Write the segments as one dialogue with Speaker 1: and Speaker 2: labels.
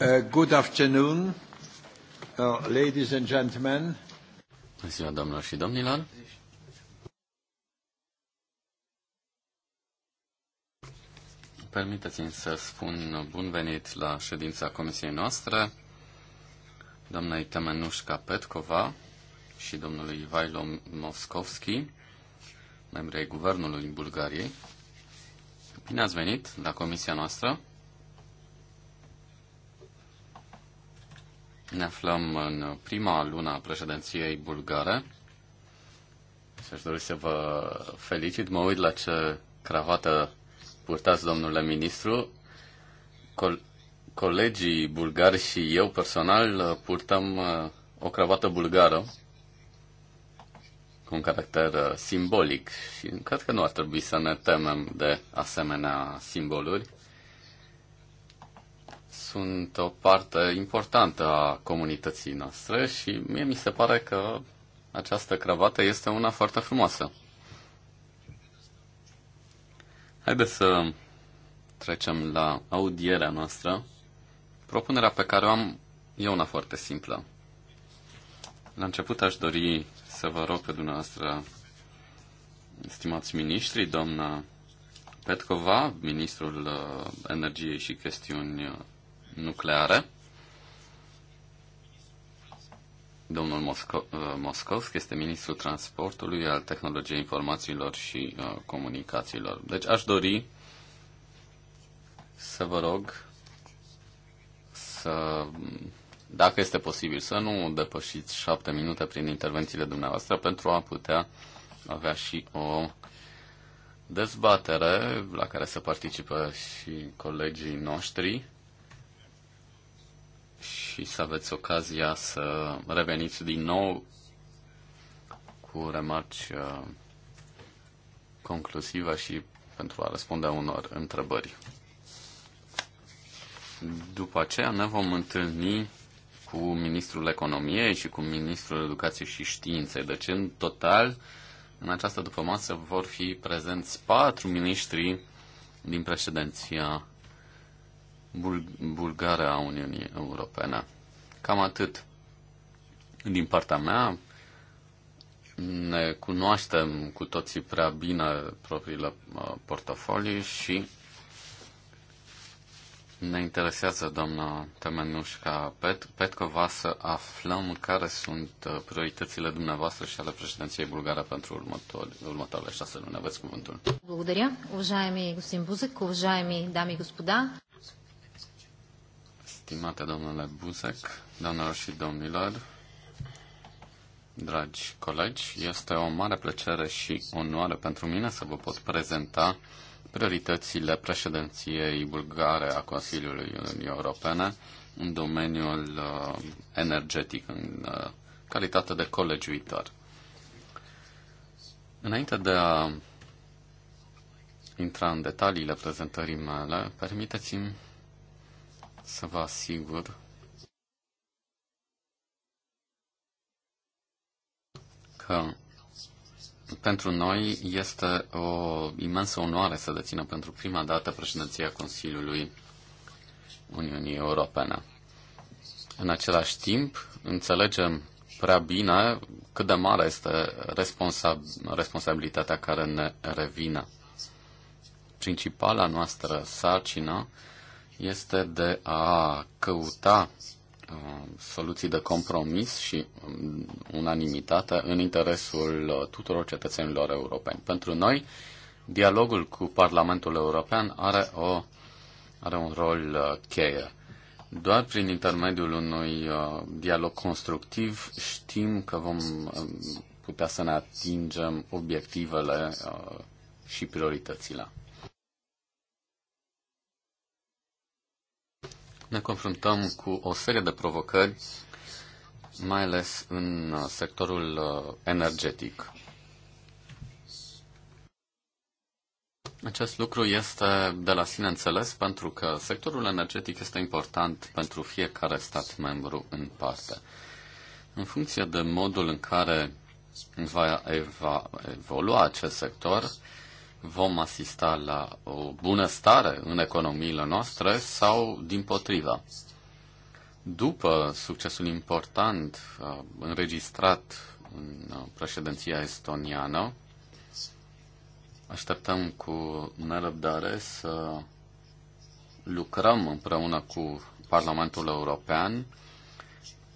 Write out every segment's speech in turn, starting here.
Speaker 1: Uh, good afternoon, uh, ladies and gentlemen.
Speaker 2: Bună ziua, doamnelor și domnilor. Permiteți-mi să spun bun venit la ședința comisiei noastre, doamnei Temenușca Petkova și domnului Ivailo Moscovski, membrii Guvernului Bulgariei. Bine ați venit la comisia noastră. Ne aflăm în prima lună a președinției bulgare și aș dori să vă felicit. Mă uit la ce cravată purtați, domnule ministru. Col- colegii bulgari și eu personal uh, purtăm uh, o cravată bulgară cu un caracter uh, simbolic și cred că nu ar trebui să ne temem de asemenea simboluri sunt o parte importantă a comunității noastre și mie mi se pare că această cravată este una foarte frumoasă. Haideți să trecem la audierea noastră. Propunerea pe care o am e una foarte simplă. La început aș dori să vă rog pe dumneavoastră, stimați miniștri, doamna Petkova, ministrul uh, energiei și chestiuni uh, nucleară. Domnul Mosco- uh, Moscovski este ministrul transportului, al tehnologiei informațiilor și uh, comunicațiilor. Deci aș dori să vă rog să, dacă este posibil, să nu depășiți șapte minute prin intervențiile dumneavoastră pentru a putea avea și o dezbatere la care să participe și colegii noștri și să aveți ocazia să reveniți din nou cu remarci uh, conclusive și pentru a răspunde a unor întrebări. După aceea ne vom întâlni cu ministrul economiei și cu ministrul educației și științei. Deci, în total, în această dupămasă vor fi prezenți patru miniștri din președinția bul- a Uniunii Europene. Cam atât din partea mea. Ne cunoaștem cu toții prea bine propriile uh, portofolii și ne interesează, doamna Temenușca Pet, Petcova, să aflăm care sunt uh, prioritățile dumneavoastră și ale președinției bulgare pentru următor, următoarele șase luni. Aveți cuvântul.
Speaker 3: Mulțumesc. уважаеми господин Бузък, уважаеми дами и
Speaker 2: stimate domnule Buzek, doamnelor și domnilor, dragi colegi, este o mare plăcere și onoare pentru mine să vă pot prezenta prioritățile președinției bulgare a Consiliului Uniunii Europene în domeniul uh, energetic, în uh, calitate de colegiuitor. Înainte de a intra în detaliile prezentării mele, permiteți-mi să vă asigur că pentru noi este o imensă onoare să dețină pentru prima dată președinția Consiliului Uniunii Europene. În același timp, înțelegem prea bine cât de mare este responsab- responsabilitatea care ne revine. Principala noastră sarcină este de a căuta uh, soluții de compromis și um, unanimitate în interesul uh, tuturor cetățenilor europeni. Pentru noi, dialogul cu Parlamentul European are, o, are un rol uh, cheie. Doar prin intermediul unui dialog constructiv știm că vom um, putea să ne atingem obiectivele și prioritățile. ne confruntăm cu o serie de provocări, mai ales în uh, sectorul uh, energetic. Acest lucru este de la sine înțeles pentru că sectorul energetic este important pentru fiecare stat membru în parte. În funcție de modul în care va, va evolua acest sector, vom asista la o bunăstare în economiile noastre sau din potriva. După succesul important uh, înregistrat în uh, președinția estoniană, așteptăm cu nerăbdare să lucrăm împreună cu Parlamentul European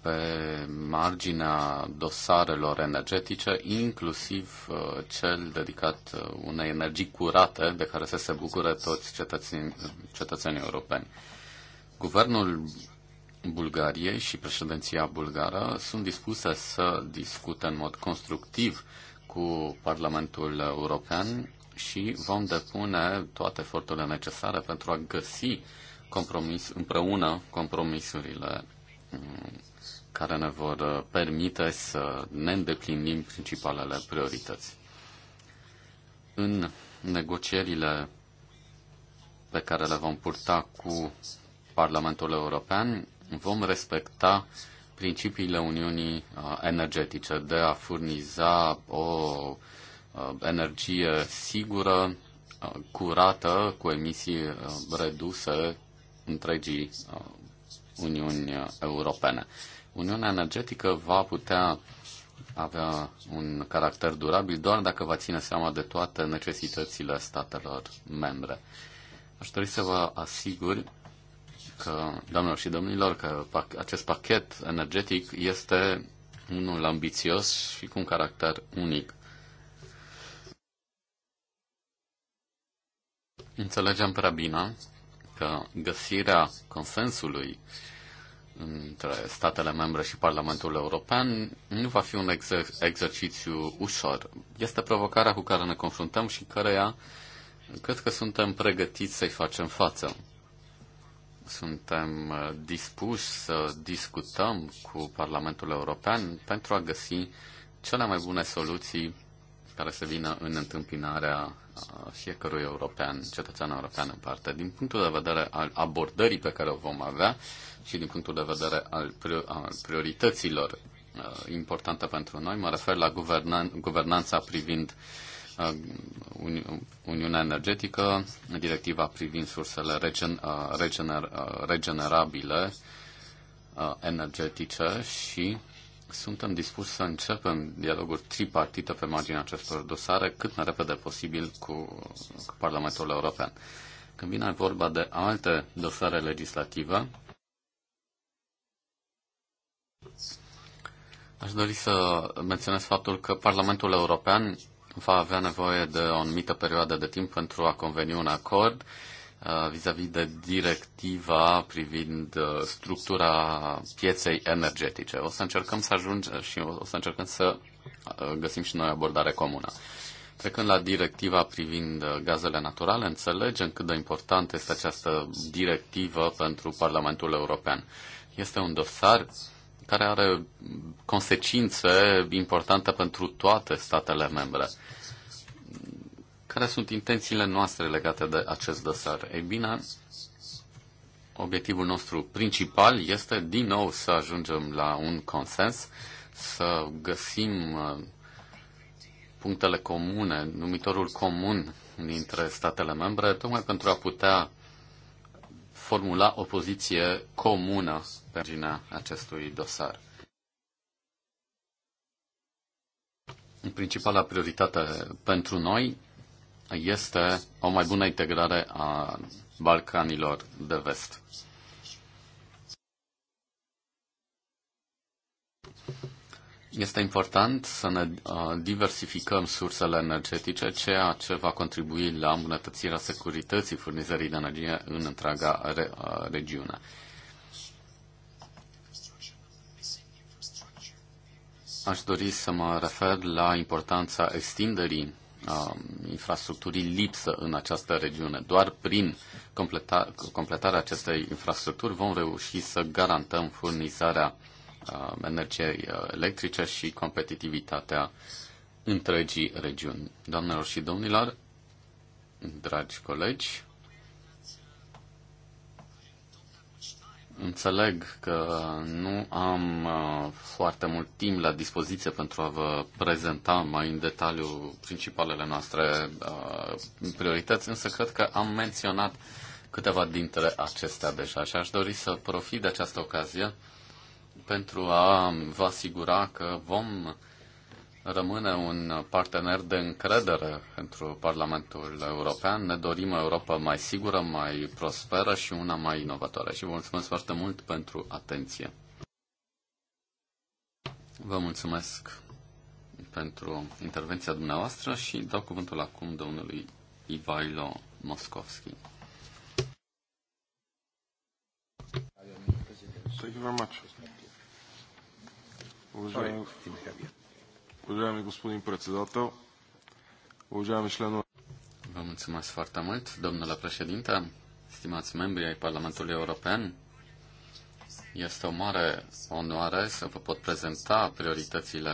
Speaker 2: pe marginea dosarelor energetice, inclusiv uh, cel dedicat uh, unei energii curate de care să se bucure toți cetățenii, cetățenii europeni. Guvernul Bulgariei și președinția bulgară sunt dispuse să discute în mod constructiv cu Parlamentul European și vom depune toate eforturile necesare pentru a găsi compromis, împreună compromisurile care ne vor uh, permite să ne îndeplinim principalele priorități. În negocierile pe care le vom purta cu Parlamentul European, vom respecta principiile Uniunii uh, Energetice de a furniza o uh, energie sigură, curată, cu emisii reduse întregii Uniuni Europene. Uniunea energetică va putea avea un caracter durabil doar dacă va ține seama de toate necesitățile statelor membre. Aș dori să vă asigur că, doamnelor și domnilor, că acest pachet energetic este unul ambițios și cu un caracter unic. Înțelegem prea bine că găsirea consensului între statele membre și Parlamentul European nu va fi un exer- exercițiu ușor. Este provocarea cu care ne confruntăm și căreia cred că suntem pregătiți să-i facem față. Suntem uh, dispuși să discutăm cu Parlamentul European pentru a găsi cele mai bune soluții care să vină în întâmpinarea fiecărui european, cetățean european în parte. Din punctul de vedere al abordării pe care o vom avea și din punctul de vedere al, priorităților importante pentru noi, mă refer la guvernan, guvernanța privind Uniunea Energetică, directiva privind sursele regen, regener, regenerabile energetice și suntem dispuși să începem dialoguri tripartite pe marginea acestor dosare cât mai repede posibil cu, cu Parlamentul European. Când vine vorba de alte dosare legislative, aș dori să menționez faptul că Parlamentul European va avea nevoie de o anumită perioadă de timp pentru a conveni un acord Uh, vis-a-vis de directiva privind uh, structura pieței energetice. O să încercăm să ajungem și o să încercăm să uh, găsim și noi abordare comună. Trecând la directiva privind gazele naturale, înțelegem cât de importantă este această directivă pentru Parlamentul European. Este un dosar care are consecințe importante pentru toate statele membre. Care sunt intențiile noastre legate de acest dosar? Ei bine, obiectivul nostru principal este din nou să ajungem la un consens, să găsim uh, punctele comune, numitorul comun dintre statele membre, tocmai pentru a putea formula o poziție comună pe marginea acestui dosar. Principala prioritate pentru noi este o mai bună integrare a Balcanilor de vest. Este important să ne uh, diversificăm sursele energetice, ceea ce va contribui la îmbunătățirea securității furnizării de energie în întreaga re- uh, regiune. Aș dori să mă refer la importanța extinderii Um, infrastructurii lipsă în această regiune. Doar prin completa, completarea acestei infrastructuri vom reuși să garantăm furnizarea uh, energiei uh, electrice și competitivitatea întregii regiuni. Doamnelor și domnilor, dragi colegi, Înțeleg că nu am uh, foarte mult timp la dispoziție pentru a vă prezenta mai în detaliu principalele noastre uh, priorități, însă cred că am menționat câteva dintre acestea deja și aș dori să profit de această ocazie pentru a vă asigura că vom rămâne un partener de încredere pentru Parlamentul European. Ne dorim o Europa mai sigură, mai prosperă și una mai inovatoare. Și vă mulțumesc foarte mult pentru atenție. Vă mulțumesc pentru intervenția dumneavoastră și dau cuvântul acum domnului Ivailo Moscovski.
Speaker 1: Thank you very much.
Speaker 2: Уважаемый... Уважаеми господин председател, уважаеми членове. Vă mulțumesc foarte mult, domnule președinte, stimați membri ai Parlamentului European. Este o mare onoare să vă pot prezenta prioritățile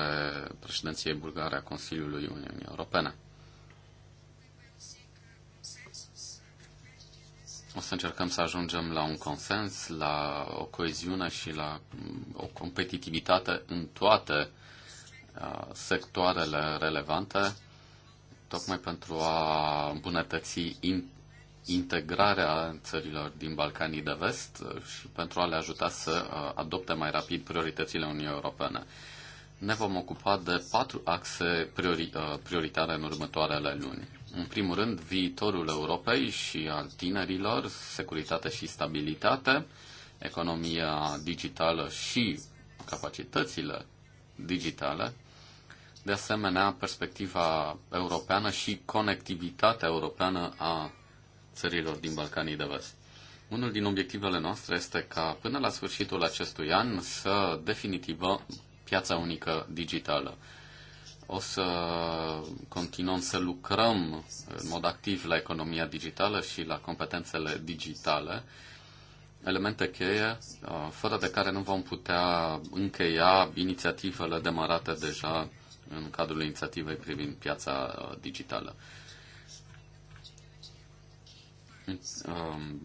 Speaker 2: președinției bulgare a Consiliului Uniunii Europene. O să încercăm să ajungem la un consens, la o coeziune și la mm, o competitivitate în toate Uh, sectoarele relevante, tocmai pentru a îmbunătăți integrarea țărilor din Balcanii de Vest uh, și pentru a le ajuta să uh, adopte mai rapid prioritățile Uniunii Europene. Ne vom ocupa de patru axe priori, prioritare în următoarele luni. În primul rând, viitorul Europei și al tinerilor, securitate și stabilitate, economia digitală și capacitățile digitale, de asemenea perspectiva europeană și conectivitatea europeană a țărilor din Balcanii de Vest. Unul din obiectivele noastre este ca până la sfârșitul acestui an să definitivă piața unică digitală. O să continuăm să lucrăm în mod activ la economia digitală și la competențele digitale elemente cheie uh, fără de care nu vom putea încheia inițiativele demarate deja în cadrul inițiativei privind piața uh, digitală. Um,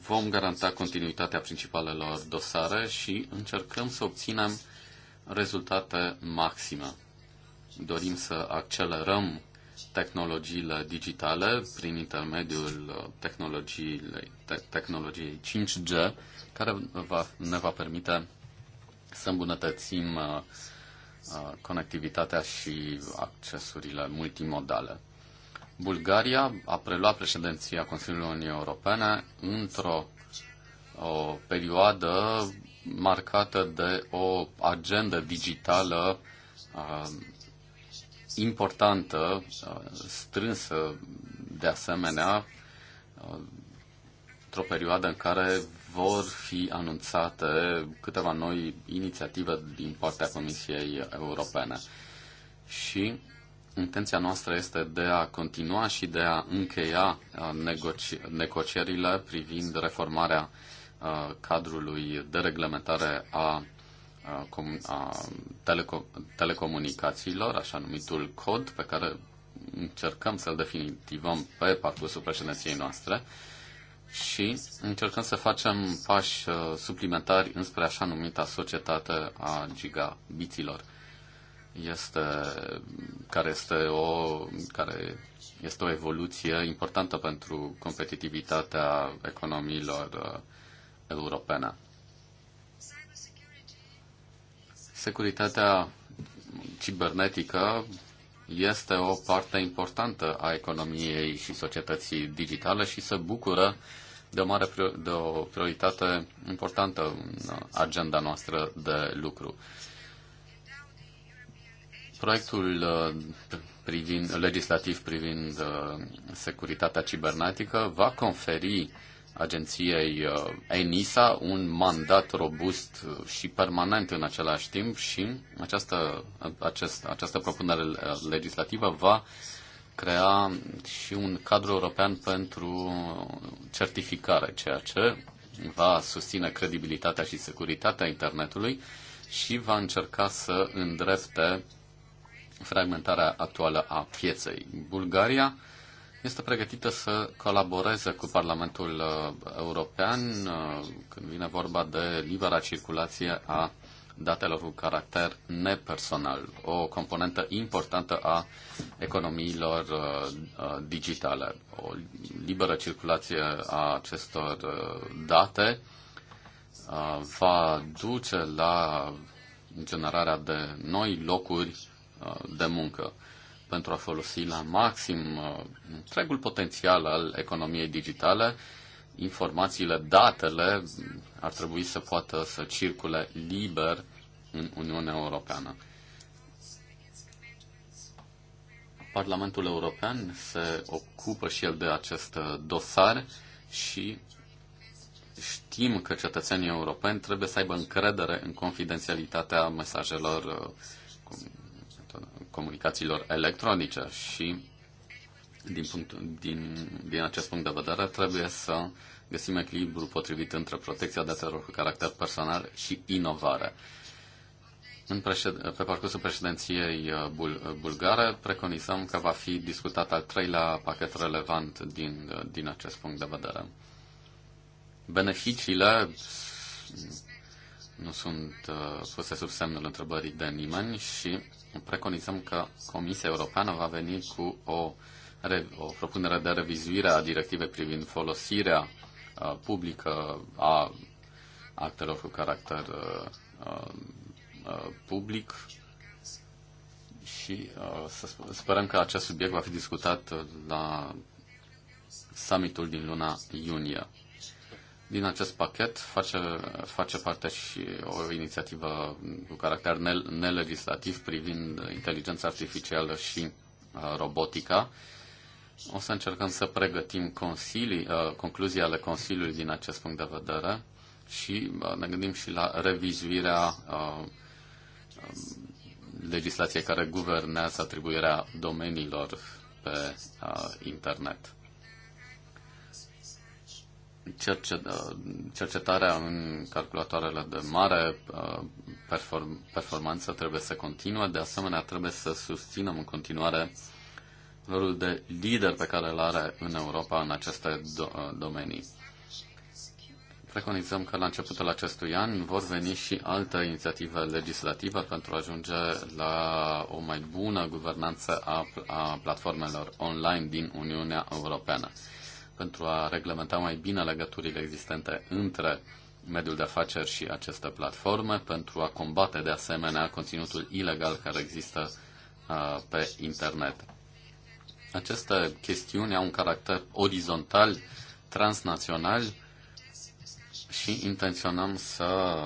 Speaker 2: vom garanta continuitatea principalelor dosare și încercăm să obținem rezultate maxime. Dorim să accelerăm tehnologiile digitale prin intermediul uh, tehnologiei, te- tehnologiei 5G, care va, ne va permite să îmbunătățim uh, uh, conectivitatea și accesurile multimodale. Bulgaria a preluat președinția Consiliului Uniunii Europene într-o o perioadă marcată de o agendă digitală uh, importantă, uh, strânsă de asemenea, uh, într-o perioadă în care vor fi anunțate câteva noi inițiative din partea Comisiei Europene. Și intenția noastră este de a continua și de a încheia uh, negoci- negocierile privind reformarea cadrului de reglementare a a teleco- telecomunicațiilor, așa numitul cod pe care încercăm să-l definitivăm pe parcursul președinției noastre și încercăm să facem pași uh, suplimentari înspre așa numita societate a gigabiților. Este, care, este o, care este o evoluție importantă pentru competitivitatea economiilor uh, europene. Securitatea cibernetică este o parte importantă a economiei și societății digitale și se bucură de o, mare, de o prioritate importantă în agenda noastră de lucru. Proiectul uh, privind, legislativ privind uh, securitatea cibernetică va conferi agenției uh, ENISA un mandat robust uh, și permanent în același timp și această, acest, această propunere uh, legislativă va crea și un cadru european pentru certificare, ceea ce va susține credibilitatea și securitatea internetului și va încerca să îndrepte fragmentarea actuală a pieței. Bulgaria este pregătită să colaboreze cu Parlamentul uh, European uh, când vine vorba de libera circulație a datelor cu caracter nepersonal, o componentă importantă a economiilor uh, digitale. O liberă circulație a acestor date va duce la generarea de noi locuri de muncă pentru a folosi la maxim uh, întregul potențial al economiei digitale. Informațiile, datele ar trebui să poată să circule liber în Uniunea Europeană. Parlamentul European se ocupă și el de acest uh, dosar și știm că cetățenii europeni trebuie să aibă încredere în confidențialitatea mesajelor uh, comunicațiilor electronice și din, punct, din, din acest punct de vedere trebuie să găsim echilibru potrivit între protecția datelor cu caracter personal și inovare. În președ... Pe parcursul președinției uh, bul- uh, bulgare preconizăm că va fi discutat al treilea pachet relevant din, uh, din acest punct de vedere. Beneficiile nu sunt uh, puse sub semnul întrebării de nimeni și preconizăm că Comisia Europeană va veni cu o, o propunere de revizuire a directivei privind folosirea uh, publică a actelor cu caracter uh, uh, uh public și uh, să sperăm că acest subiect va fi discutat uh, la summitul din luna iunie. Din acest pachet face, face parte și o inițiativă cu caracter nelegislativ privind inteligența artificială și uh, robotica. O să încercăm să pregătim consilii, uh, concluzii ale Consiliului din acest punct de vedere și uh, ne gândim și la revizuirea um, legislației care guvernează atribuirea domeniilor pe internet cercetarea în calculatoarele de mare uh, perform- performanță trebuie să continue, de asemenea trebuie să susținem în continuare rolul de lider pe care îl are în Europa în aceste do- uh, domenii. Preconizăm că la începutul acestui an vor veni și alte inițiative legislative pentru a ajunge la o mai bună guvernanță a, a platformelor online din Uniunea Europeană pentru a reglementa mai bine legăturile existente între mediul de afaceri și aceste platforme, pentru a combate de asemenea conținutul ilegal care există pe internet. Aceste chestiuni au un caracter orizontal, transnațional și intenționăm să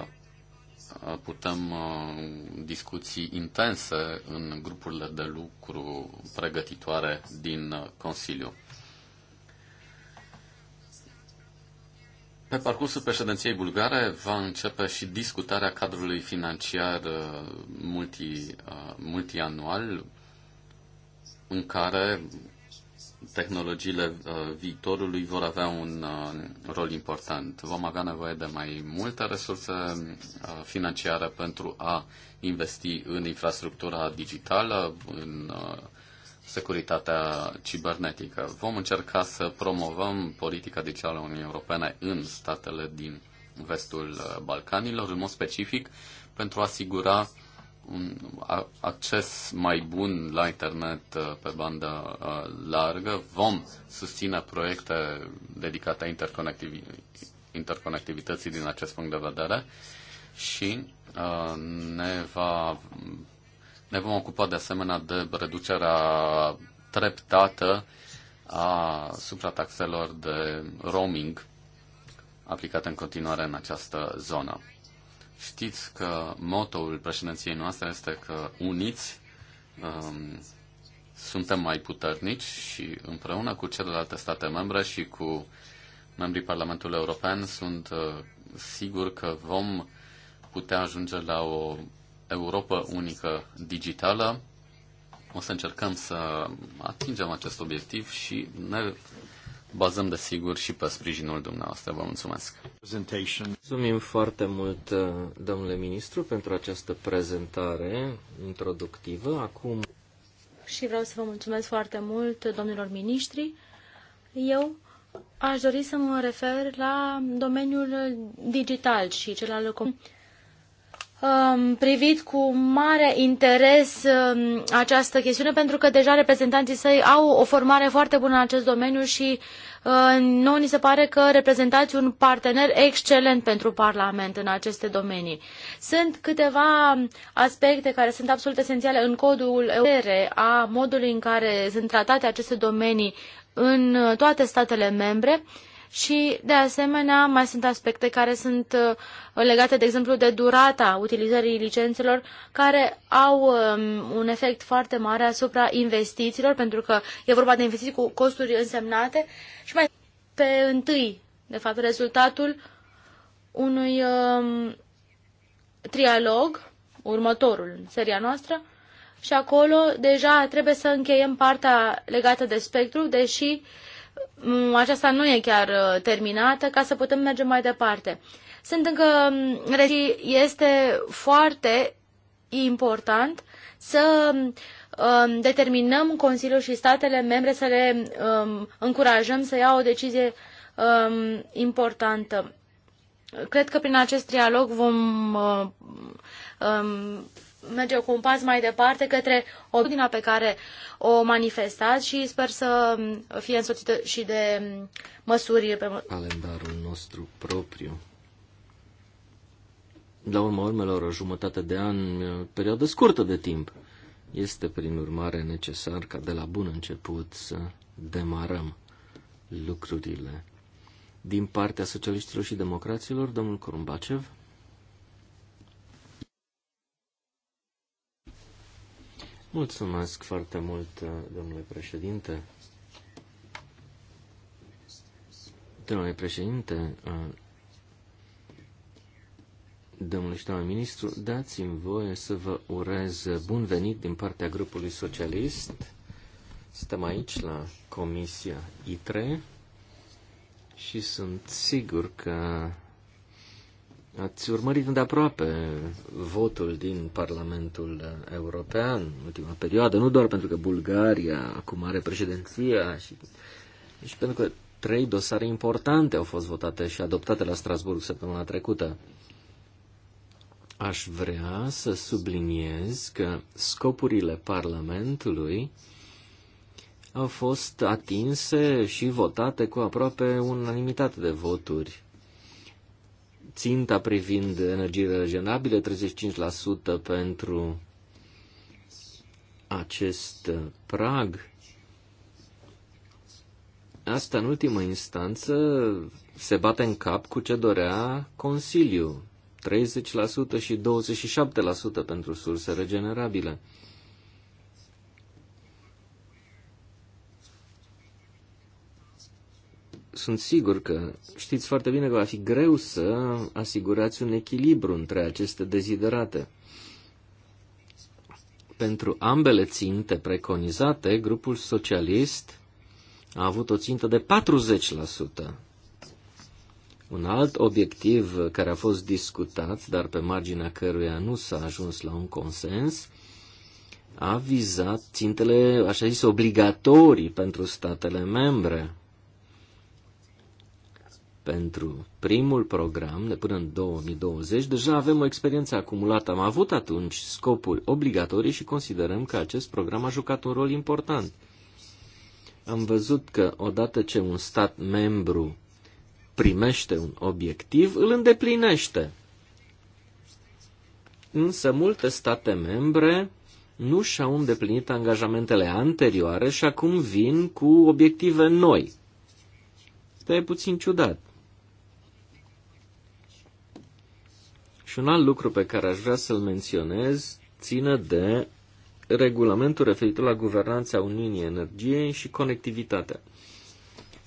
Speaker 2: putem discuții intense în grupurile de lucru pregătitoare din Consiliu. Pe parcursul președinției bulgare va începe și discutarea cadrului financiar uh, multi, uh, multianual în care tehnologiile uh, viitorului vor avea un rol important. Vom avea nevoie de mai multe resurse financiare pentru a investi în infrastructura digitală, în securitatea cibernetică. Vom încerca să promovăm politica digitală a Uniunii Europene în statele din vestul uh, Balcanilor, în mod specific pentru a asigura un acces mai bun la internet uh, pe bandă uh, largă. Vom susține proiecte dedicate interconectiv- interconectivității din acest punct de vedere și ne va ne vom ocupa de asemenea de reducerea treptată a suprataxelor de roaming aplicate în continuare în această zonă. Știți că motoul președinției noastre este că uniți um, suntem mai puternici și împreună cu celelalte state membre și cu membrii Parlamentului European sunt uh, sigur că vom putea ajunge la o Europa Unică Digitală. O să încercăm să atingem acest obiectiv și ne bazăm, de sigur și pe sprijinul dumneavoastră. Vă mulțumesc!
Speaker 4: Mulțumim foarte mult, domnule ministru, pentru această prezentare introductivă. Acum...
Speaker 3: Și vreau să vă mulțumesc foarte mult, domnilor ministri. Eu aș dori să mă refer la domeniul digital și cel al comunicării privit cu mare interes um, această chestiune pentru că deja reprezentanții săi au o formare foarte bună în acest domeniu și uh, nouă ni se pare că reprezentați un partener excelent pentru Parlament în aceste domenii. Sunt câteva aspecte care sunt absolut esențiale în codul EUR a modului în care sunt tratate aceste domenii în toate statele membre. Uh, și, de asemenea, mai sunt aspecte care sunt uh, legate, de exemplu, de durata utilizării licențelor, care au um, un efect foarte mare asupra investițiilor, pentru că e vorba de investiții cu costuri însemnate și mai pe întâi, de fapt, rezultatul unui um, trialog, următorul în seria noastră, și acolo deja trebuie să încheiem partea legată de spectru, deși uh, Mm, aceasta nu e chiar uh, terminată ca să putem merge mai departe. Sunt încă mm, este foarte important să mm, uh, determinăm Consiliul și statele membre să le încurajăm să ia o decizie importantă. Cred că prin acest dialog vom merge cu un pas mai departe către ordinea pe care o manifestați și sper să fie însoțită și de măsuri pe calendarul
Speaker 4: nostru propriu. La urma urmelor, o jumătate de an, perioadă scurtă de timp. Este, prin urmare, necesar ca de la bun început să demarăm lucrurile. Din partea socialiștilor și democraților, domnul Corumbacev. Mulțumesc foarte mult, domnule președinte. Domnule președinte, domnule și domnule ministru, dați-mi voie să vă urez bun venit din partea grupului socialist. Suntem aici la Comisia ITRE și sunt sigur că Ați urmărit îndeaproape votul din Parlamentul European în ultima perioadă, nu doar pentru că Bulgaria acum are președinția, și, și pentru că trei dosare importante au fost votate și adoptate la Strasburg săptămâna trecută. Aș vrea să subliniez că scopurile Parlamentului au fost atinse și votate cu aproape unanimitate de voturi ținta privind energiile regenerabile, 35% pentru acest prag. Asta, în ultimă instanță, se bate în cap cu ce dorea Consiliu. 30% și 27% pentru surse regenerabile. sunt sigur că știți foarte bine că va fi greu să asigurați un echilibru între aceste deziderate. Pentru ambele ținte preconizate, grupul socialist a avut o țintă de 40%. Un alt obiectiv care a fost discutat, dar pe marginea căruia nu s-a ajuns la un consens, a vizat țintele, așa zis, obligatorii pentru statele membre. Pentru primul program, de până în 2020, deja avem o experiență acumulată. Am avut atunci scopuri obligatorii și considerăm că acest program a jucat un rol important. Am văzut că odată ce un stat membru primește un obiectiv, îl îndeplinește. Însă multe state membre nu și-au îndeplinit angajamentele anterioare și acum vin cu obiective noi. Asta e puțin ciudat. Și un alt lucru pe care aș vrea să-l menționez ține de regulamentul referitor la guvernanța Uniunii Energiei și conectivitatea.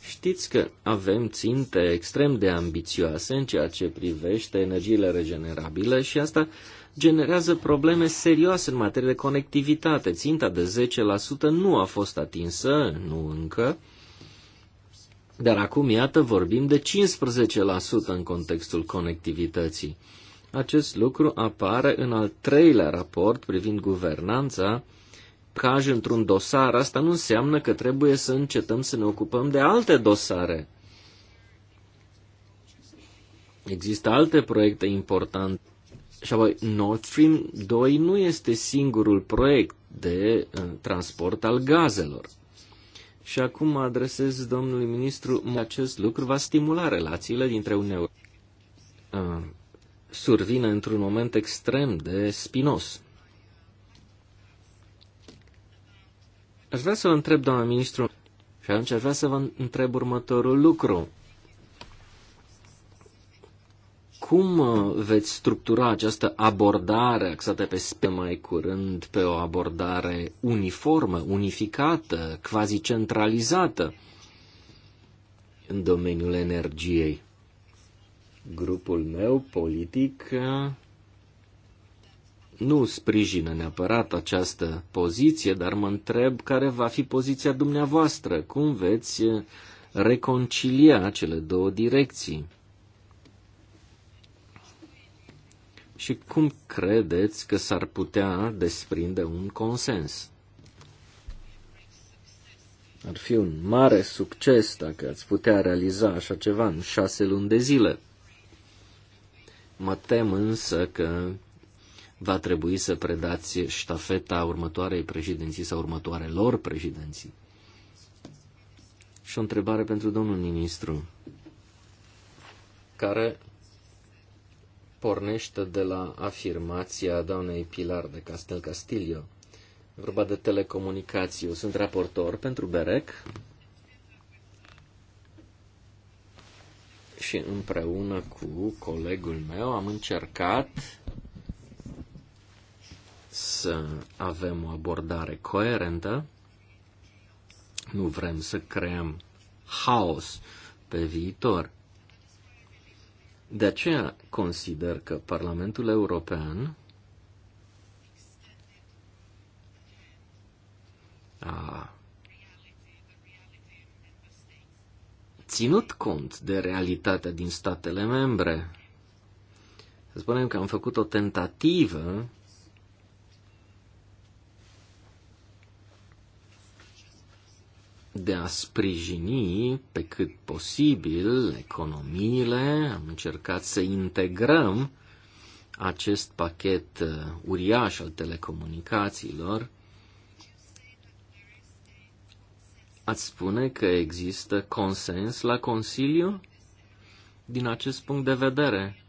Speaker 4: Știți că avem ținte extrem de ambițioase în ceea ce privește energiile regenerabile și asta generează probleme serioase în materie de conectivitate. Ținta de 10% nu a fost atinsă, nu încă, dar acum, iată, vorbim de 15% în contextul conectivității. Acest lucru apare în al treilea raport privind guvernanța, caj într-un dosar, asta nu înseamnă că trebuie să încetăm să ne ocupăm de alte dosare. Există alte proiecte importante. Și apoi, Nord Stream 2 nu este singurul proiect de uh, transport al gazelor. Și acum mă adresez domnului ministru, acest lucru va stimula relațiile dintre Uniunea survine într-un moment extrem de spinos. Aș vrea să vă întreb, doamna ministru, și atunci aș vrea să vă întreb următorul lucru. Cum uh, veți structura această abordare axată pe spe mai curând, pe o abordare uniformă, unificată, quasi centralizată în domeniul energiei? grupul meu politic uh, nu sprijină neapărat această poziție, dar mă întreb care va fi poziția dumneavoastră, cum veți uh, reconcilia cele două direcții. Și cum credeți că s-ar putea desprinde un consens? Ar fi un mare succes dacă ați putea realiza așa ceva în șase luni de zile. Mă tem însă că va trebui să predați ștafeta următoarei președinții sau următoarelor președinții. Și o întrebare pentru domnul ministru, care pornește de la afirmația doamnei Pilar de Castel Castillo. Vorba de telecomunicații. Eu sunt raportor pentru BEREC și împreună cu colegul meu am încercat să avem o abordare coerentă. Nu vrem să creăm haos pe viitor. De aceea consider că Parlamentul European a ținut cont de realitatea din statele membre. Să spunem că am făcut o tentativă de a sprijini pe cât posibil economiile, am încercat să integrăm acest pachet uh, uriaș al telecomunicațiilor Ați spune că există consens la Consiliu? Din acest punct de vedere,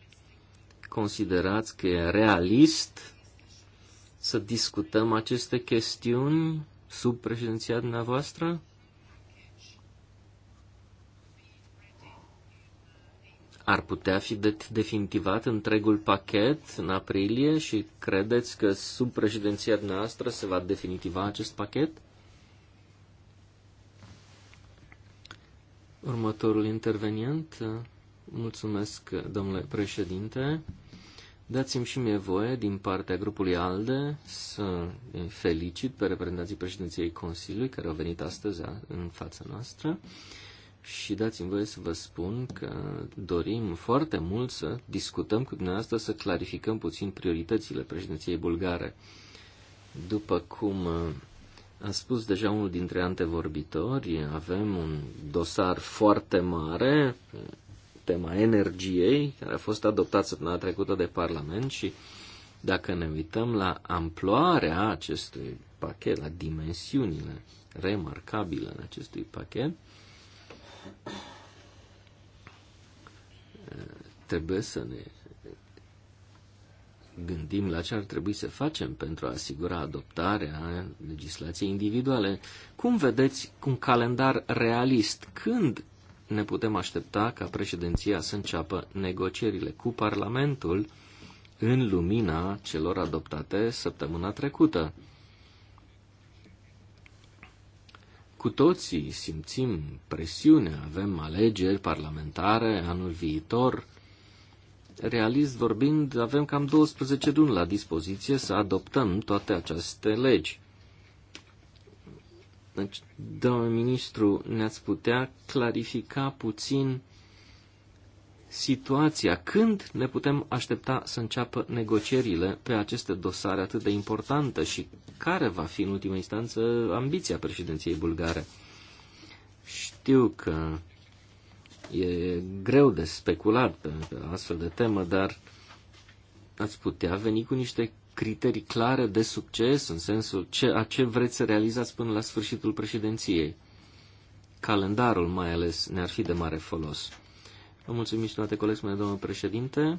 Speaker 4: considerați că e realist să discutăm aceste chestiuni sub președinția dumneavoastră? Ar putea fi de- definitivat întregul pachet în aprilie și credeți că sub președinția noastră se va definitiva acest pachet? Următorul intervenient. Mulțumesc, domnule președinte. Dați-mi și mie voie, din partea grupului ALDE, să felicit pe reprezentanții președinției Consiliului care au venit astăzi în fața noastră și dați-mi voie să vă spun că dorim foarte mult să discutăm cu dumneavoastră, să clarificăm puțin prioritățile președinției bulgare. După cum a spus deja unul dintre antevorbitori, avem un dosar foarte mare, tema energiei, care a fost adoptat săptămâna trecută de Parlament și dacă ne uităm la amploarea acestui pachet, la dimensiunile remarcabile în acestui pachet, trebuie să ne gândim la ce ar trebui să facem pentru a asigura adoptarea legislației individuale. Cum vedeți un calendar realist? Când ne putem aștepta ca președinția să înceapă negocierile cu Parlamentul în lumina celor adoptate săptămâna trecută? Cu toții simțim presiune, avem alegeri parlamentare anul viitor, realist vorbind, avem cam 12 luni la dispoziție să adoptăm toate aceste legi. Deci, domnul ministru, ne-ați putea clarifica puțin situația, când ne putem aștepta să înceapă negocierile pe aceste dosare atât de importante și care va fi în ultima instanță ambiția președinției bulgare. Știu că E greu de speculat pe, astfel de temă, dar ați putea veni cu niște criterii clare de succes, în sensul ce, a ce vreți să realizați până la sfârșitul președinției. Calendarul, mai ales, ne-ar fi de mare folos. Vă mulțumim, toate colegi, mele, domnul președinte.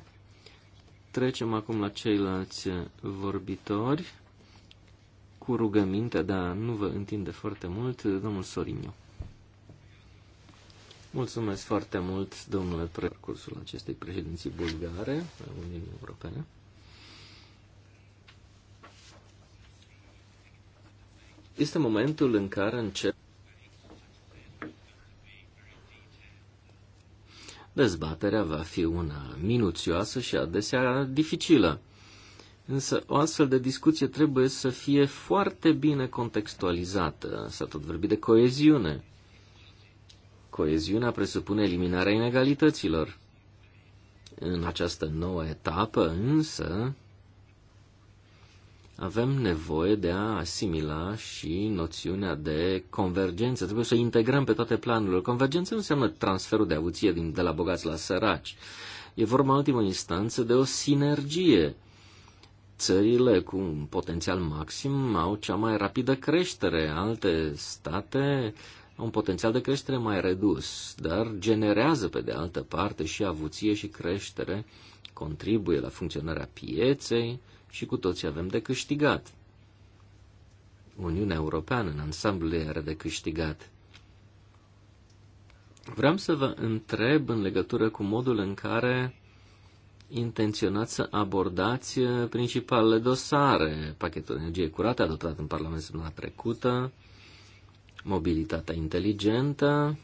Speaker 4: Trecem acum la ceilalți vorbitori cu rugăminte, dar nu vă întinde foarte mult, domnul Sorinio. Mulțumesc foarte mult, domnule, parcursul acestei președinții bulgare a Uniunii Europene. Este momentul în care încep Dezbaterea va fi una minuțioasă și adesea dificilă. Însă o astfel de discuție trebuie să fie foarte bine contextualizată. S-a tot vorbit de coeziune, Coeziunea presupune eliminarea inegalităților. În această nouă etapă, însă, avem nevoie de a asimila și noțiunea de convergență. Trebuie să integrăm pe toate planurile. Convergență nu înseamnă transferul de avuție din, de la bogați la săraci. E vorba în ultimă instanță de o sinergie. Țările cu un potențial maxim au cea mai rapidă creștere. Alte state au un potențial de creștere mai redus, dar generează pe de altă parte și avuție și creștere, contribuie la funcționarea pieței și cu toții avem de câștigat. Uniunea Europeană în ansamblu are de câștigat. Vreau să vă întreb în legătură cu modul în care intenționați să abordați principalele dosare, pachetul energie curată adoptat în Parlament săptămâna trecută, mobilitatea inteligentă,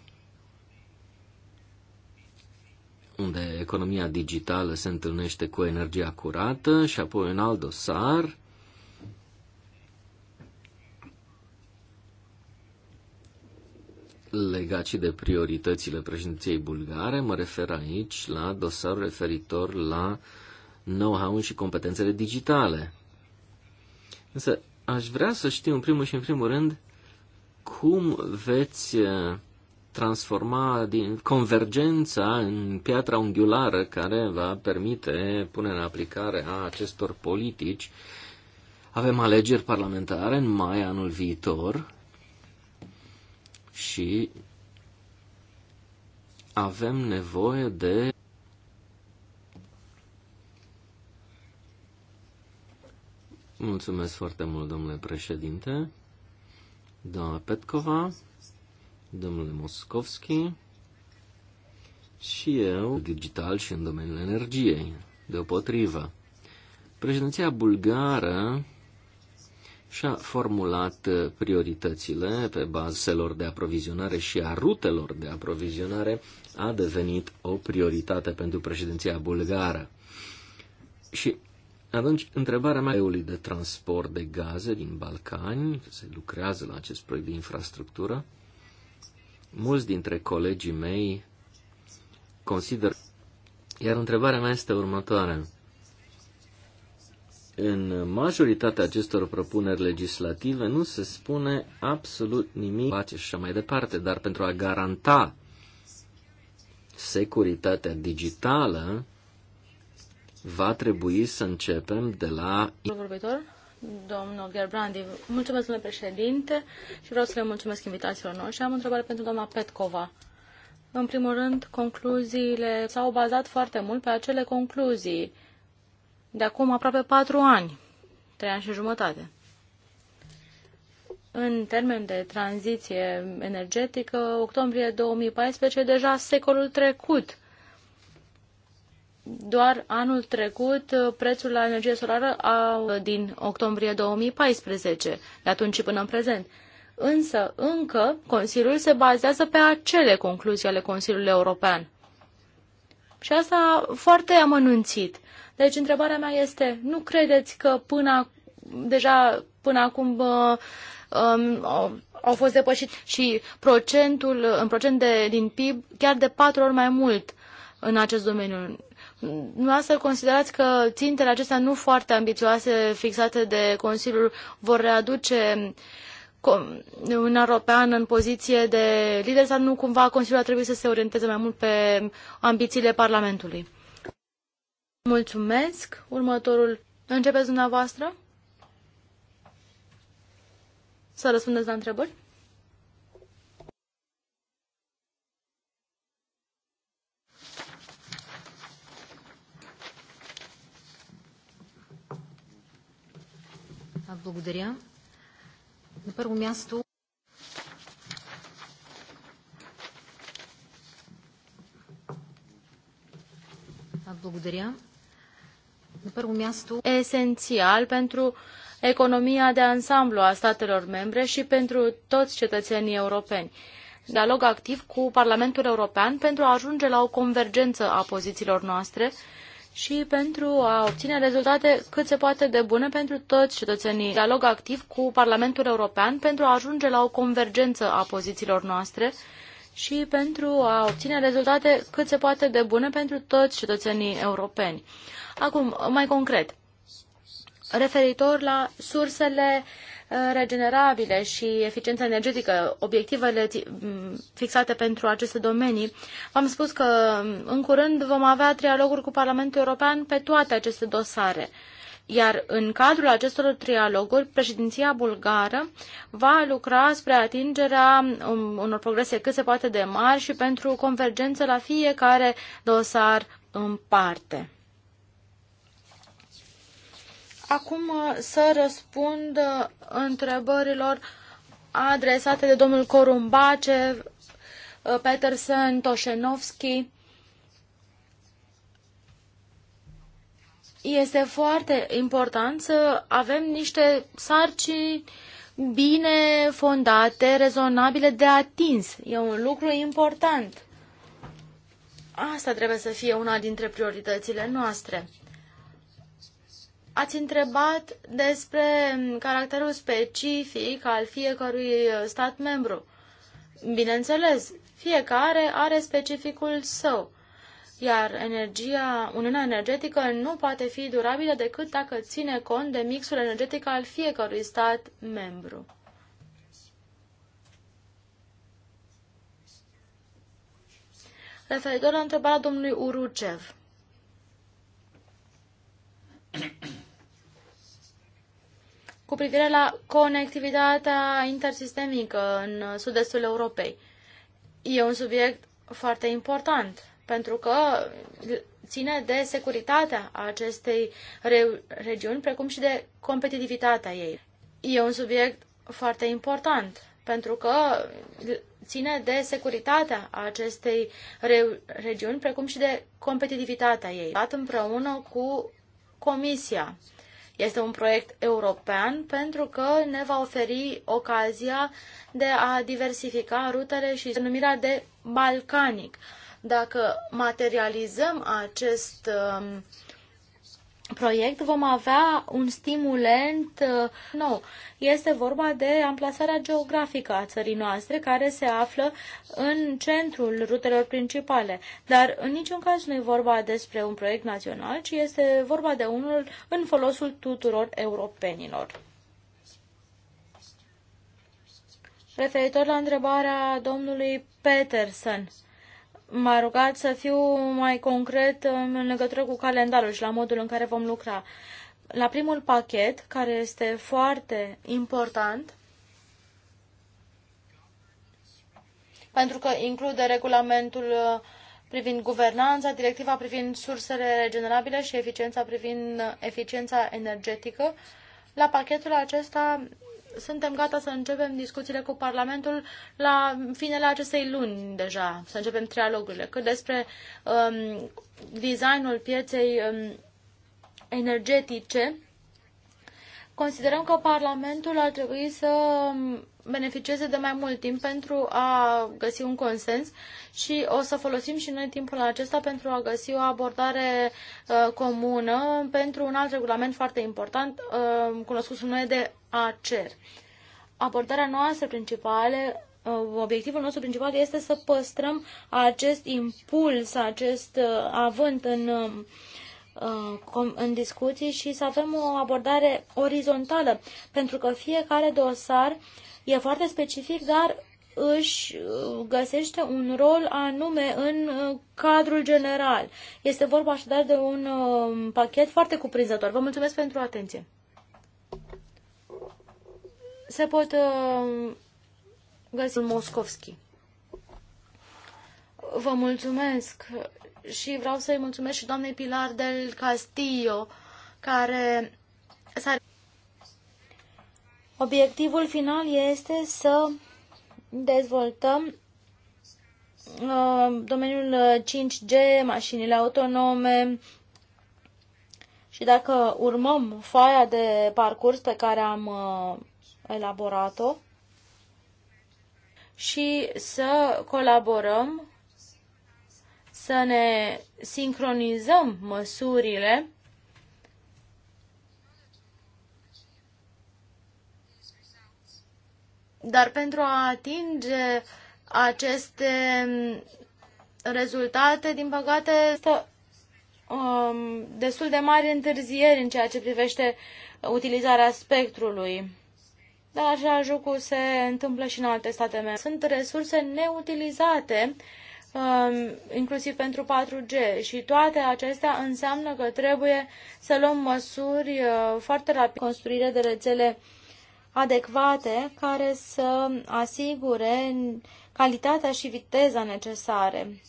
Speaker 4: unde economia digitală se întâlnește cu energia curată și apoi un alt dosar, legat și de prioritățile președinției bulgare, mă refer aici la dosarul referitor la know-how și competențele digitale. Însă aș vrea să știu în primul și în primul rând cum veți uh, transforma din convergența în piatra unghiulară care va permite punerea în aplicare a acestor politici. Avem alegeri parlamentare în mai anul viitor și avem nevoie de Mulțumesc foarte mult, domnule președinte doamna Petcova, domnule Moscovski și eu, digital și în domeniul energiei, deopotrivă. Președinția bulgară și-a formulat prioritățile pe bazelor de aprovizionare și a rutelor de aprovizionare a devenit o prioritate pentru președinția bulgară. Și atunci, întrebarea mea eului de transport de gaze din Balcani, se lucrează la acest proiect de infrastructură. Mulți dintre colegii mei consider. Iar întrebarea mea este următoarea. În majoritatea acestor propuneri legislative nu se spune absolut nimic face și așa mai departe, dar pentru a garanta securitatea digitală, va trebui să începem de la...
Speaker 3: Vorbitor, domnul Gerbrandi, mulțumesc, domnule președinte, și vreau să le mulțumesc invitațiilor noștri. Am o întrebare pentru doamna Petcova. În primul rând, concluziile s-au bazat foarte mult pe acele concluzii de acum aproape patru ani, trei ani și jumătate. În termen de tranziție energetică, octombrie 2014 deja secolul trecut doar anul trecut uh, prețul la energie solară a, uh, din octombrie 2014, de atunci până în prezent. Însă, încă, Consiliul se bazează pe acele concluzii ale Consiliului European. Și asta foarte amănunțit. Deci, întrebarea mea este, nu credeți că până, deja până acum bă, uh, um, au fost depășit și procentul, în procent de, din PIB, chiar de patru ori mai mult în acest domeniu. Noastră considerați că țintele acestea nu foarte ambițioase fixate de Consiliul vor readuce Uniunea Europeană în poziție de lider sau nu cumva Consiliul ar trebui să se orienteze mai mult pe ambițiile Parlamentului? Mulțumesc. Următorul. Începeți dumneavoastră? Să răspundeți la întrebări?
Speaker 1: благодаря. На първо място
Speaker 3: Благодаря. În primul място, esențial pentru economia de ansamblu a statelor membre și pentru toți cetățenii europeni. Dialog activ cu Parlamentul European pentru a ajunge la o convergență a pozițiilor noastre și pentru a obține rezultate cât se poate de bune pentru toți cetățenii. Dialog activ cu Parlamentul European pentru a ajunge la o convergență a pozițiilor noastre și pentru a obține rezultate cât se poate de bune pentru toți cetățenii europeni. Acum, mai concret, referitor la sursele uh, regenerabile și eficiența energetică, obiectivele fixate pentru aceste domenii. V-am spus că în curând vom avea trialoguri cu Parlamentul European pe toate aceste dosare. Iar în cadrul acestor trialoguri, președinția bulgară va lucra spre atingerea um, unor progrese cât se poate de mari și pentru convergență la fiecare dosar în parte acum uh, să răspund uh, întrebărilor adresate de domnul Corumbace, uh, Peterson, Toșenovski. Este foarte important să avem niște sarcini bine fondate, rezonabile de atins. E un lucru important. Asta trebuie să fie una dintre prioritățile noastre. Ați întrebat despre caracterul specific al fiecărui stat membru. Bineînțeles, fiecare are specificul său, iar energia, uniunea energetică nu poate fi durabilă decât dacă ține cont de mixul energetic al fiecărui stat membru. Referitor la întrebarea domnului Urucev cu privire la conectivitatea intersistemică în sud-estul Europei. E un subiect foarte important pentru că ține de securitatea acestei re- regiuni, precum și de competitivitatea ei. E un subiect foarte important pentru că ține de securitatea acestei re- regiuni, precum și de competitivitatea ei, dat împreună cu Comisia. Este un proiect european pentru că ne va oferi ocazia de a diversifica rutele și denumirea de balcanic. Dacă materializăm acest um, proiect vom avea un stimulent uh, nou. Este vorba de amplasarea geografică a țării noastre, care se află în centrul rutelor principale. Dar în niciun caz nu e vorba despre un proiect național, ci este vorba de unul în folosul tuturor europenilor. Referitor la întrebarea domnului Peterson, m-a rugat să fiu mai concret în legătură cu calendarul și la modul în care vom lucra. La primul pachet, care este foarte important, pentru că include regulamentul uh, privind guvernanța, directiva privind sursele regenerabile și eficiența privind uh, eficiența energetică. La pachetul acesta suntem gata să începem discuțiile cu Parlamentul la finele acestei luni deja, să începem trialogurile. Cât despre um, designul pieței um, energetice, Considerăm că Parlamentul ar trebui să beneficieze de mai mult timp pentru a găsi un consens și o să folosim și noi timpul acesta pentru a găsi o abordare uh, comună pentru un alt regulament foarte important, uh, cunoscut sub noi de ACER. Abordarea noastră principală, uh, obiectivul nostru principal este să păstrăm acest impuls, acest uh, avânt în uh, în discuții și să avem o abordare orizontală, pentru că fiecare dosar e foarte specific, dar își uh, găsește un rol anume în uh, cadrul general. Este vorba așadar de un um, pachet foarte cuprinzător. Vă mulțumesc pentru atenție. Se pot um, găsi în Moscovski. Vă mulțumesc și vreau să-i mulțumesc și doamnei Pilar del Castillo, care s-a... Obiectivul final este să dezvoltăm uh, domeniul 5G, uh, mașinile autonome și dacă urmăm foaia de parcurs pe care am uh, elaborat-o și să colaborăm să ne sincronizăm măsurile Dar pentru a atinge aceste rezultate, din păcate, este um, destul de mari întârzieri în ceea ce privește utilizarea spectrului. Dar așa lucru se întâmplă și în alte state mele. Sunt resurse neutilizate uh, Um, inclusiv pentru 4G. Și toate acestea înseamnă că trebuie să luăm măsuri uh, foarte rapide, construire de rețele adecvate care să asigure calitatea și viteza necesare.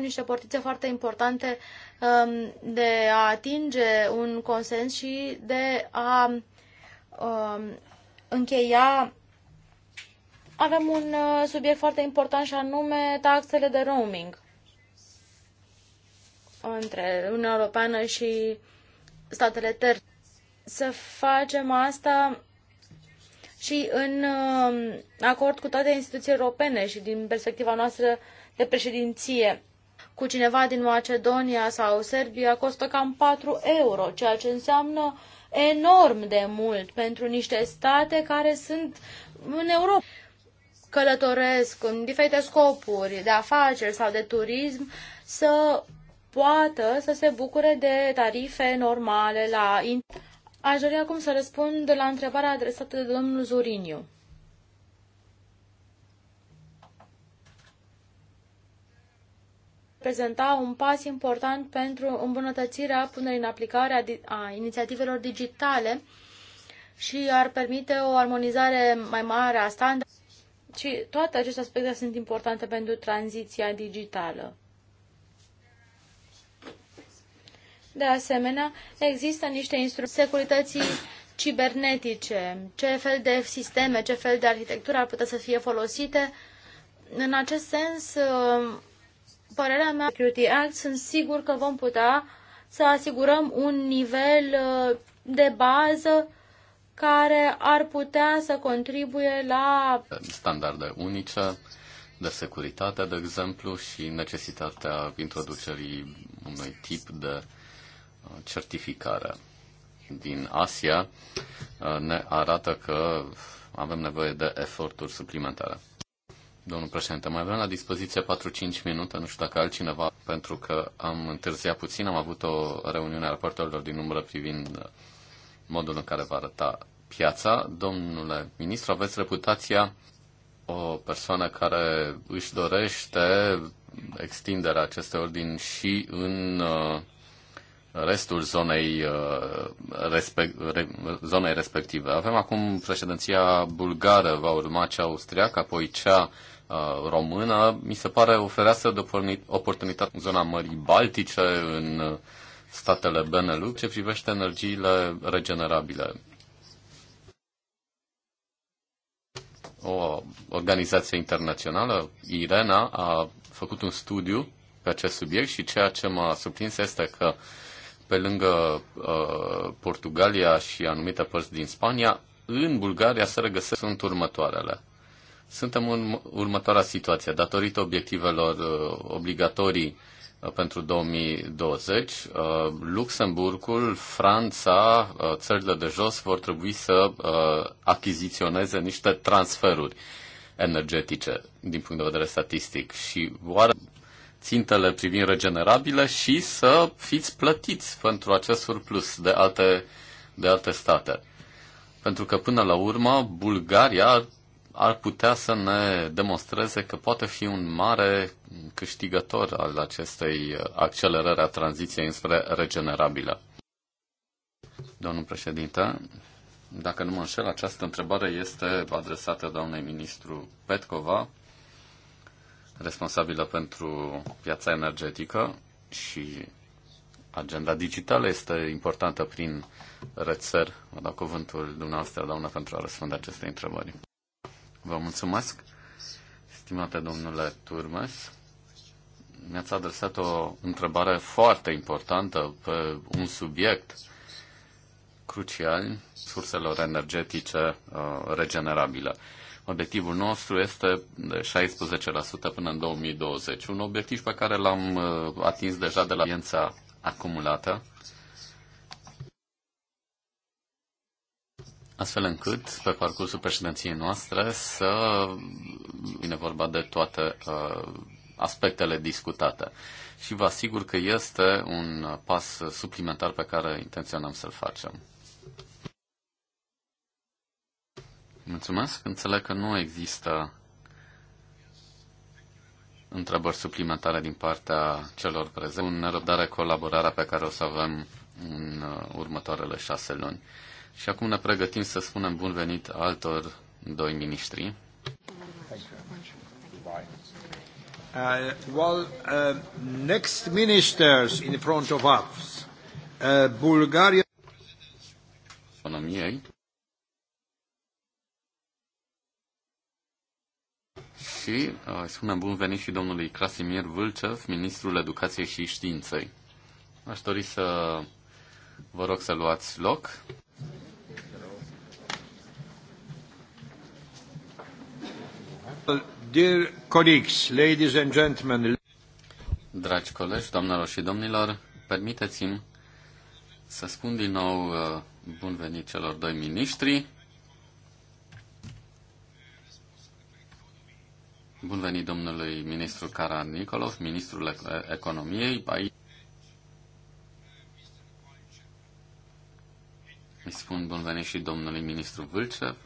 Speaker 3: Niște portițe foarte importante um, de a atinge un consens și de a um, încheia avem un uh, subiect foarte important și anume taxele de roaming între Uniunea Europeană și statele terțe. Să facem asta și în uh, acord cu toate instituțiile europene și din perspectiva noastră de președinție. Cu cineva din Macedonia sau Serbia costă cam 4 euro, ceea ce înseamnă enorm de mult pentru niște state care sunt în Europa călătoresc în diferite scopuri de afaceri sau de turism să poată să se bucure de tarife normale la... Aș dori acum să răspund la întrebarea adresată de domnul Zuriniu. prezenta un pas important pentru îmbunătățirea punerii în aplicare a, a inițiativelor digitale și ar permite o armonizare mai mare a standardelor și toate aceste aspecte sunt importante pentru tranziția digitală. De asemenea, există niște instrumente securității cibernetice, ce fel de sisteme, ce fel de arhitectură ar putea să fie folosite. În acest sens, părerea mea, Security Act, sunt sigur că vom putea să asigurăm un nivel uh, de bază care ar putea să contribuie la
Speaker 2: standarde unice de securitate, de exemplu, și necesitatea introducerii unui tip de uh, certificare. Din Asia uh, ne arată că avem nevoie de eforturi suplimentare. Domnul președinte, mai avem la dispoziție 4-5 minute, nu știu dacă altcineva, pentru că am întârziat puțin, am avut o reuniune a raportorilor din umbră privind modul în care va arăta piața. Domnule ministru, aveți reputația o persoană care își dorește extinderea acestei ordini și în uh, restul zonei, uh, respect, zonei respective. Avem acum președinția bulgară, va urma cea austriacă, apoi cea uh, română. Mi se pare o fereastră de oportunitate în zona Mării Baltice, în statele Benelux ce privește energiile regenerabile. O organizație internațională, IRENA, a făcut un studiu pe acest subiect și ceea ce m-a surprins este că pe lângă uh, Portugalia și anumite părți din Spania, în Bulgaria se regăsesc sunt următoarele. Suntem în următoarea situație. Datorită obiectivelor uh, obligatorii Uh, pentru 2020, uh, Luxemburgul, Franța, uh, țările de jos vor trebui să achiziționeze niște transferuri energetice din punct de vedere statistic și oare țintele privind regenerabile și să fiți plătiți pentru acest surplus de alte, de alte state. Pentru că până la urmă Bulgaria ar putea să ne demonstreze că poate fi un mare câștigător al acestei accelerări a tranziției înspre regenerabilă. Domnul președinte, dacă nu mă înșel, această întrebare este adresată doamnei ministru Petkova, responsabilă pentru piața energetică și agenda digitală este importantă prin rețer. Vă dau cuvântul dumneavoastră, doamnă, pentru a răspunde aceste întrebări. Vă mulțumesc, stimate domnule Turmes. Mi-ați adresat o întrebare foarte importantă pe un subiect crucial, surselor energetice uh, regenerabile. Obiectivul nostru este de 16% până în 2020, un obiectiv pe care l-am uh, atins deja de la viența acumulată astfel încât, pe parcursul președinției noastre, să vine vorba de toate uh, aspectele discutate. Și vă asigur că este un pas suplimentar pe care intenționăm să-l facem. Mulțumesc. Înțeleg că nu există întrebări suplimentare din partea celor prezenți. Un nerăbdare colaborarea pe care o să avem în uh, următoarele șase luni. Și acum ne pregătim să spunem bun venit altor doi miniștri.
Speaker 1: Uh, well, uh, next ministers in front of us, uh, Bulgaria.
Speaker 2: Economiei. Și uh, spunem bun venit și domnului Krasimir Vâlcev, ministrul educației și științei. Aș dori să vă rog să luați loc. Dragi colegi, doamnelor și domnilor, permiteți-mi să spun din nou uh, bun venit celor doi miniștri. Bun venit domnului ministru Cara Nicolov, ministrul economiei. îi spun bun venit și domnului ministru Vâlcev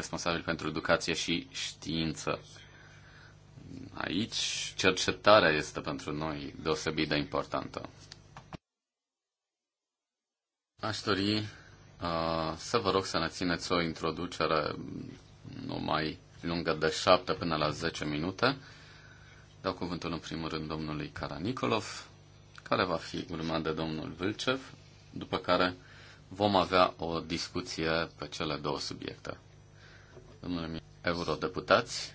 Speaker 2: responsabil pentru educație și știință. Aici cercetarea este pentru noi deosebit de importantă. Aș dori uh, să vă rog să ne țineți o introducere nu mai lungă de 7 până la 10 minute. Dau cuvântul în primul rând domnului Karanikolov, care va fi urmat de domnul Vâlcev, după care vom avea o discuție pe cele două subiecte domnule eurodeputați.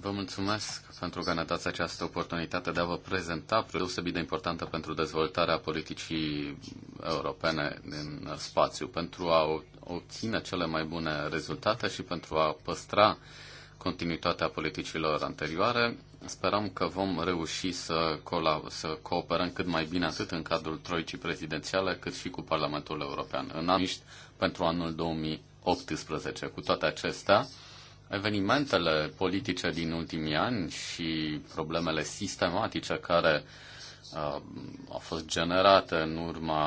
Speaker 2: Vă mulțumesc pentru că ne dați această oportunitate de a vă prezenta deosebit de importantă pentru dezvoltarea politicii europene din spațiu, pentru a obține cele mai bune rezultate și pentru a păstra continuitatea politicilor anterioare. Sperăm că vom reuși să, colab- să cooperăm cât mai bine atât în cadrul Troicii prezidențiale cât și cu Parlamentul European în anul pentru anul 2020. 2018. Cu toate acestea, evenimentele politice din ultimii ani și problemele sistematice care uh, au fost generate în urma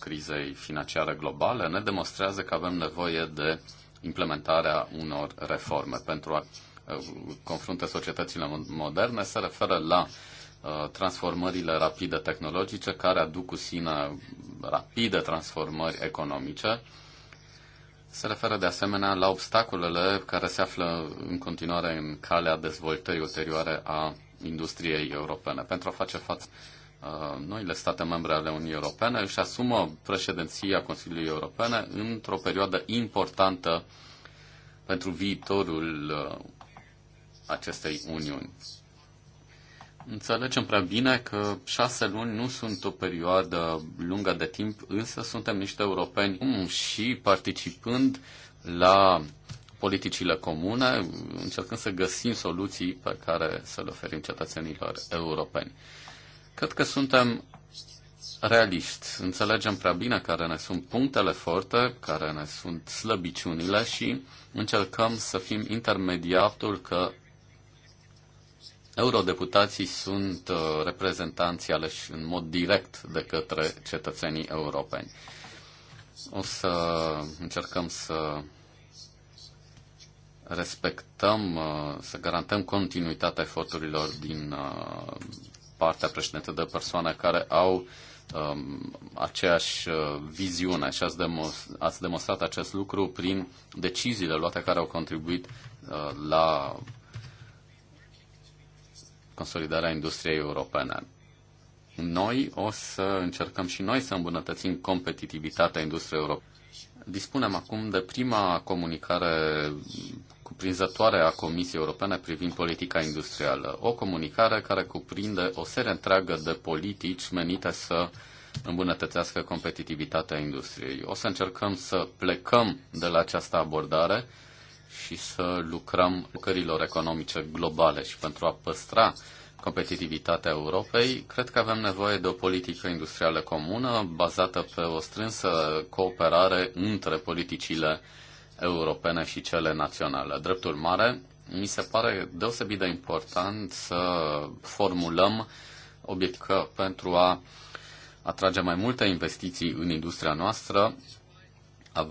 Speaker 2: crizei financiare globale ne demonstrează că avem nevoie de implementarea unor reforme pentru a uh, confrunte societățile moderne se referă la uh, transformările rapide tehnologice care aduc cu sine rapide transformări economice se referă de asemenea la obstacolele care se află în continuare în calea dezvoltării ulterioare a industriei europene. Pentru a face față uh, noile state membre ale Uniunii Europene își asumă președinția Consiliului Europene într-o perioadă importantă pentru viitorul uh, acestei Uniuni. Înțelegem prea bine că șase luni nu sunt o perioadă lungă de timp, însă suntem niște europeni și participând la politicile comune, încercând să găsim soluții pe care să le oferim cetățenilor europeni. Cred că suntem realiști, înțelegem prea bine care ne sunt punctele forte, care ne sunt slăbiciunile și încercăm să fim intermediatul că Eurodeputații sunt uh, reprezentanții aleși în mod direct de către cetățenii europeni. O să încercăm să respectăm, uh, să garantăm continuitatea eforturilor din uh, partea președintei de persoane care au um, aceeași viziune și ați, ați demonstrat acest lucru prin deciziile luate care au contribuit uh, la consolidarea industriei europene. Noi o să încercăm și noi să îmbunătățim competitivitatea industriei europene. Dispunem acum de prima comunicare cuprinzătoare a Comisiei Europene privind politica industrială. O comunicare care cuprinde o serie întreagă de politici menite să îmbunătățească competitivitatea industriei. O să încercăm să plecăm de la această abordare și să lucrăm lucrărilor economice globale și pentru a păstra competitivitatea Europei, cred că avem nevoie de o politică industrială comună bazată pe o strânsă cooperare între politicile europene și cele naționale. Dreptul mare mi se pare deosebit de important să formulăm obiectiv pentru a atrage mai multe investiții în industria noastră,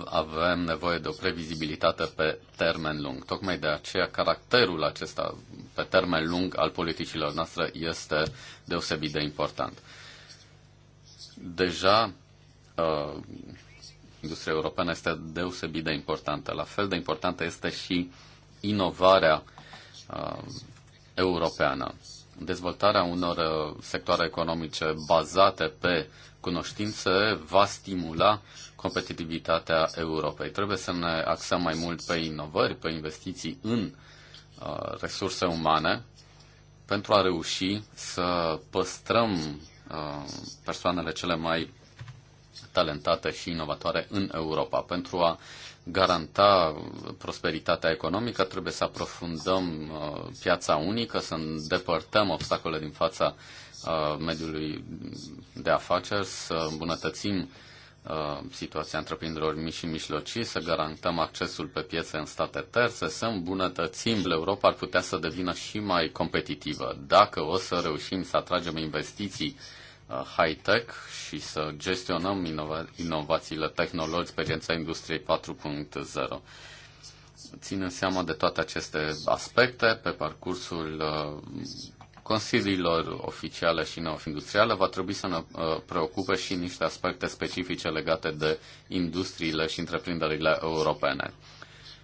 Speaker 2: avem nevoie de o previzibilitate pe termen lung. Tocmai de aceea caracterul acesta pe termen lung al politicilor noastre este deosebit de important. Deja uh, industria europeană este deosebit de importantă. La fel de importantă este și inovarea uh, europeană. Dezvoltarea unor uh, sectoare economice bazate pe cunoștințe va stimula uh, competitivitatea Europei. Trebuie să ne axăm mai mult pe inovări, pe investiții în uh, resurse umane pentru a reuși să păstrăm uh, persoanele cele mai talentate și inovatoare în Europa. Pentru a garanta prosperitatea economică trebuie să aprofundăm uh, piața unică, să îndepărtăm obstacole din fața uh, mediului de afaceri, să îmbunătățim Uh, situația întreprinderilor mici și mijlocii, să garantăm accesul pe piețe în state terțe, să îmbunătățim, Europa ar putea să devină și mai competitivă. Dacă o să reușim să atragem investiții uh, high-tech și să gestionăm inova- inovațiile tehnologice, experiența industriei 4.0. Ținem seama de toate aceste aspecte pe parcursul uh, consiliilor oficiale și neofindustriale va trebui să ne uh, preocupe și niște aspecte specifice legate de industriile și întreprinderile europene.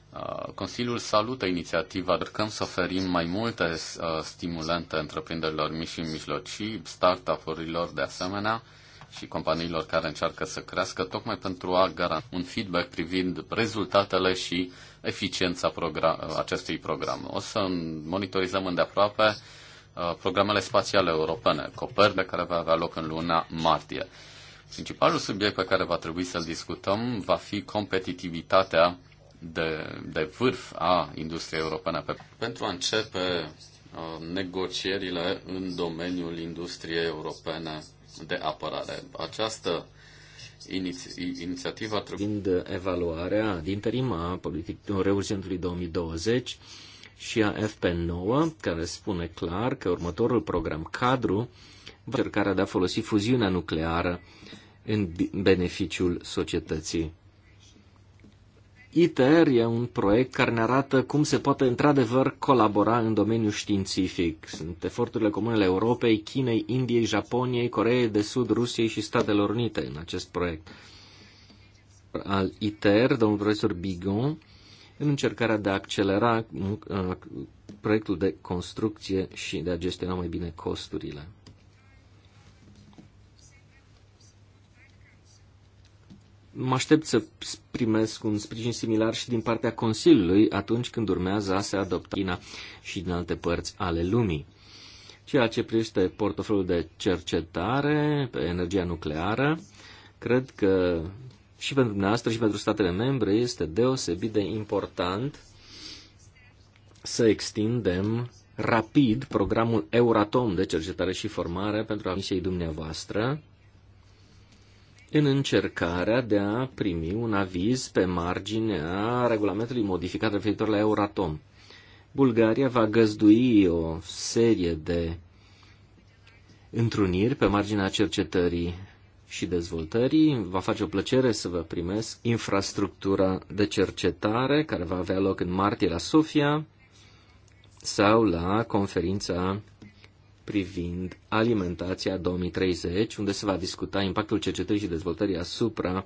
Speaker 2: Uh, Consiliul salută inițiativa, încercăm să oferim mai multe uh, stimulente întreprinderilor mici și mijlocii, startup-urilor de asemenea și companiilor care încearcă să crească, tocmai pentru a garanta un feedback privind rezultatele și eficiența program- acestui program. O să monitorizăm îndeaproape Uh, programele spațiale europene, Coperne, care va avea loc în luna martie. Principalul subiect pe care va trebui să-l discutăm va fi competitivitatea de, de vârf a industriei europene. pentru a începe uh, negocierile în domeniul industriei europene de apărare. Această inițiativă trebuie... Din
Speaker 4: evaluarea din terima politicului reurgentului 2020, și a FP9, care spune clar că următorul program cadru va încercarea de a folosi fuziunea nucleară în beneficiul societății. ITER e un proiect care ne arată cum se poate într-adevăr colabora în domeniul științific. Sunt eforturile comunele Europei, Chinei, Indiei, Japoniei, Coreei de Sud, Rusiei și Statelor Unite în acest proiect. Al ITER, domnul profesor Bigon, în încercarea de a accelera proiectul de construcție și de a gestiona mai bine costurile. Mă aștept să primesc un sprijin similar și din partea Consiliului atunci când urmează a se adopta China și din alte părți ale lumii. Ceea ce privește portofoliul de cercetare pe energia nucleară, cred că și pentru dumneavoastră și pentru statele membre este deosebit de important să extindem rapid programul Euratom de cercetare și formare pentru misiei dumneavoastră în încercarea de a primi un aviz pe marginea regulamentului modificat referitor la Euratom. Bulgaria va găzdui o serie de întruniri pe marginea cercetării și dezvoltării. Va face o plăcere să vă primesc infrastructura de cercetare care va avea loc în martie la Sofia sau la conferința privind alimentația 2030, unde se va discuta impactul cercetării și dezvoltării asupra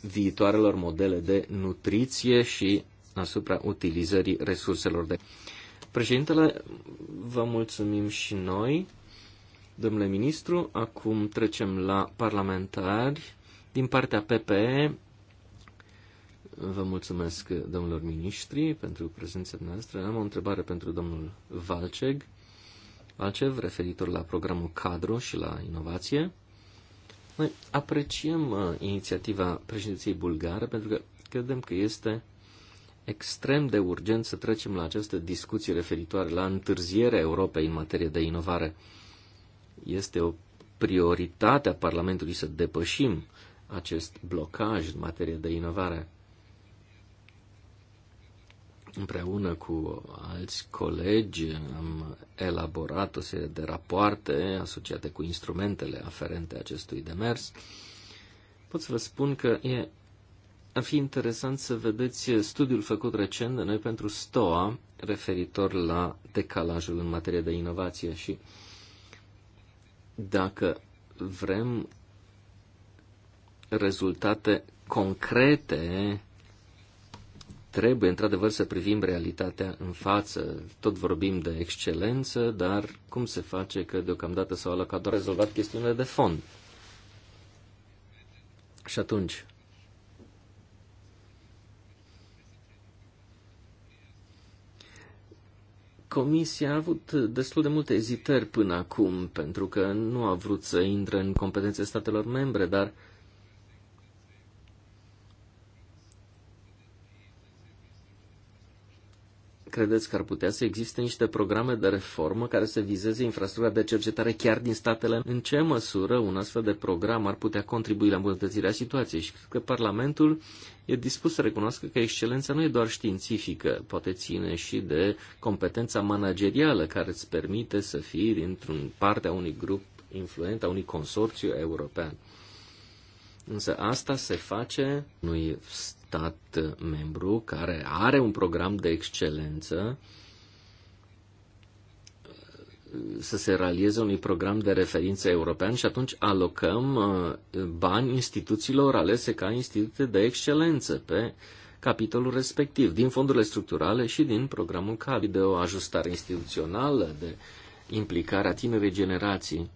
Speaker 4: viitoarelor modele de nutriție și asupra utilizării resurselor de. Președintele, vă mulțumim și noi domnule ministru. Acum trecem la parlamentari. Din partea PPE, vă mulțumesc, domnilor miniștri, pentru prezența noastră. Am o întrebare pentru domnul Valceg. Valceg, referitor la programul cadru și la inovație. Noi apreciem uh, inițiativa președinției bulgare pentru că credem că este extrem de urgent să trecem la această discuție referitoare la întârzierea Europei în materie de inovare. Uh, este o prioritate a Parlamentului să depășim acest blocaj în materie de inovare. Împreună cu alți colegi am elaborat o serie de rapoarte asociate cu instrumentele aferente acestui demers. Pot să vă spun că e, ar fi interesant să vedeți studiul făcut recent de noi pentru STOA referitor la decalajul în materie de inovație și dacă vrem rezultate concrete, trebuie într-adevăr să privim realitatea în față. Tot vorbim de excelență, dar cum se face că deocamdată s-au alocat doar rezolvat chestiunile de fond? Și atunci, Comisia a avut destul de multe ezitări până acum, pentru că nu a vrut să intre în competențe statelor membre, dar credeți că ar putea să existe niște programe de reformă care să vizeze infrastructura de cercetare chiar din statele? În ce măsură un astfel de program ar putea contribui la îmbunătățirea situației? Și cred că Parlamentul e dispus să recunoască că excelența nu e doar științifică, poate ține și de competența managerială care îți permite să fii dintr-un parte a unui grup influent, a unui consorțiu european. Însă asta se face unui stat membru care are un program de excelență să se realieze unui program de referință european și atunci alocăm uh, bani instituțiilor alese ca institute de excelență pe capitolul respectiv, din fondurile structurale și din programul CALI, de o ajustare instituțională, de implicarea tinerei generații.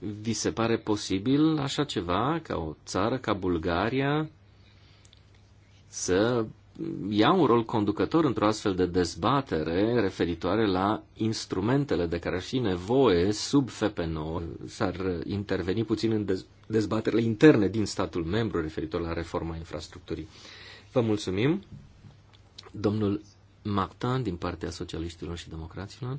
Speaker 4: Vi se pare posibil așa ceva ca o țară ca Bulgaria să ia un rol conducător într-o astfel de dezbatere referitoare la instrumentele de care ar fi nevoie sub FP9. S-ar interveni puțin în dez- dezbaterele interne din statul membru referitor la reforma infrastructurii. Vă mulțumim. Domnul Martin, din partea socialiștilor și democraților.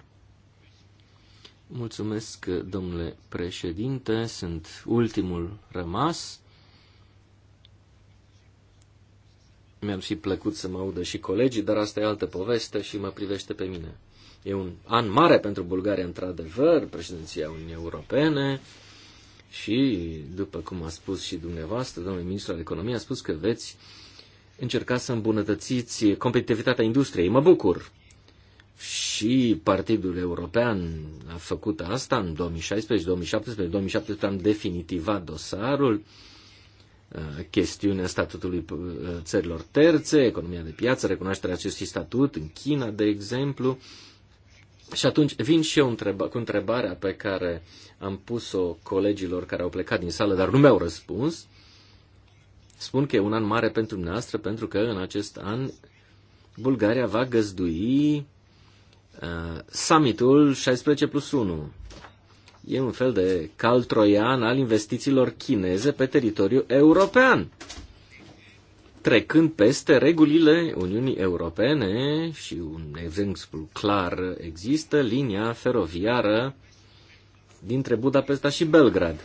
Speaker 4: Mulțumesc, domnule președinte, sunt ultimul rămas. Mi-ar fi plăcut să mă audă și colegii, dar asta e altă poveste și mă privește pe mine. E un an mare pentru Bulgaria, într-adevăr, președinția Uniunii Europene și, după cum a spus și dumneavoastră, domnul ministru al economiei, a spus că veți încerca să îmbunătățiți competitivitatea industriei. Mă bucur! și Partidul European a făcut asta în 2016, 2017, 2017 am definitivat dosarul, uh, chestiunea statutului uh, țărilor terțe, economia de piață, recunoașterea acestui statut în China, de exemplu. Și atunci vin și eu întreba, cu întrebarea pe care am pus-o colegilor care au plecat din sală, dar nu mi-au răspuns. Spun că e un an mare pentru dumneavoastră, pentru că în acest an Bulgaria va găzdui Uh, summitul 16 plus 1. E un fel de cal troian al investițiilor chineze pe teritoriul european, trecând peste regulile Uniunii Europene și un exemplu clar există, linia feroviară dintre Budapesta și Belgrad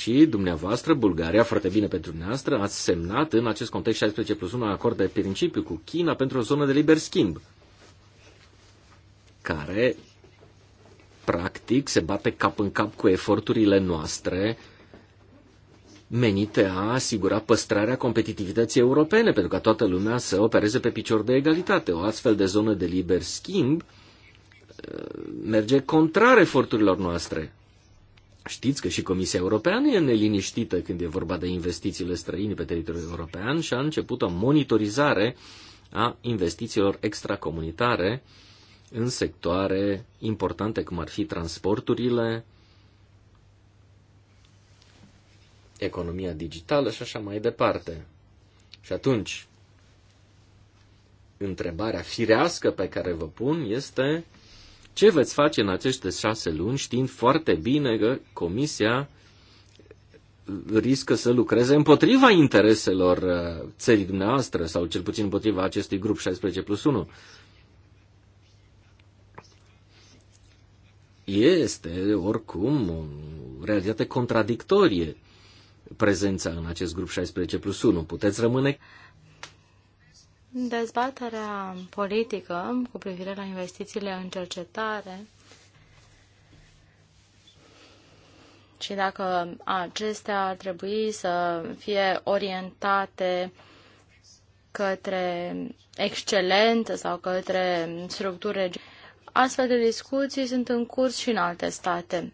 Speaker 4: și dumneavoastră, Bulgaria, foarte bine pentru dumneavoastră, ați semnat în acest context 16 plus 1 acord de principiu cu China pentru o zonă de liber schimb, care practic se bate cap în cap cu eforturile noastre menite a asigura păstrarea competitivității europene, pentru ca toată lumea să opereze pe picior de egalitate. O astfel de zonă de liber schimb uh, merge contrar eforturilor noastre. Știți că și Comisia Europeană e neliniștită când e vorba de investițiile străine pe teritoriul european și a început o monitorizare a investițiilor extracomunitare în sectoare importante cum ar fi transporturile, economia digitală și așa mai departe. Și atunci, întrebarea firească pe care vă pun este ce veți face în aceste șase luni știind foarte bine că Comisia riscă să lucreze împotriva intereselor uh, țării dumneavoastră sau cel puțin împotriva acestui grup 16 plus 1? Este oricum o realitate contradictorie prezența în acest grup 16 plus 1. Puteți rămâne
Speaker 3: Dezbaterea politică cu privire la investițiile în cercetare și dacă acestea ar trebui să fie orientate către excelență sau către structuri Astfel de discuții sunt în curs și în alte state.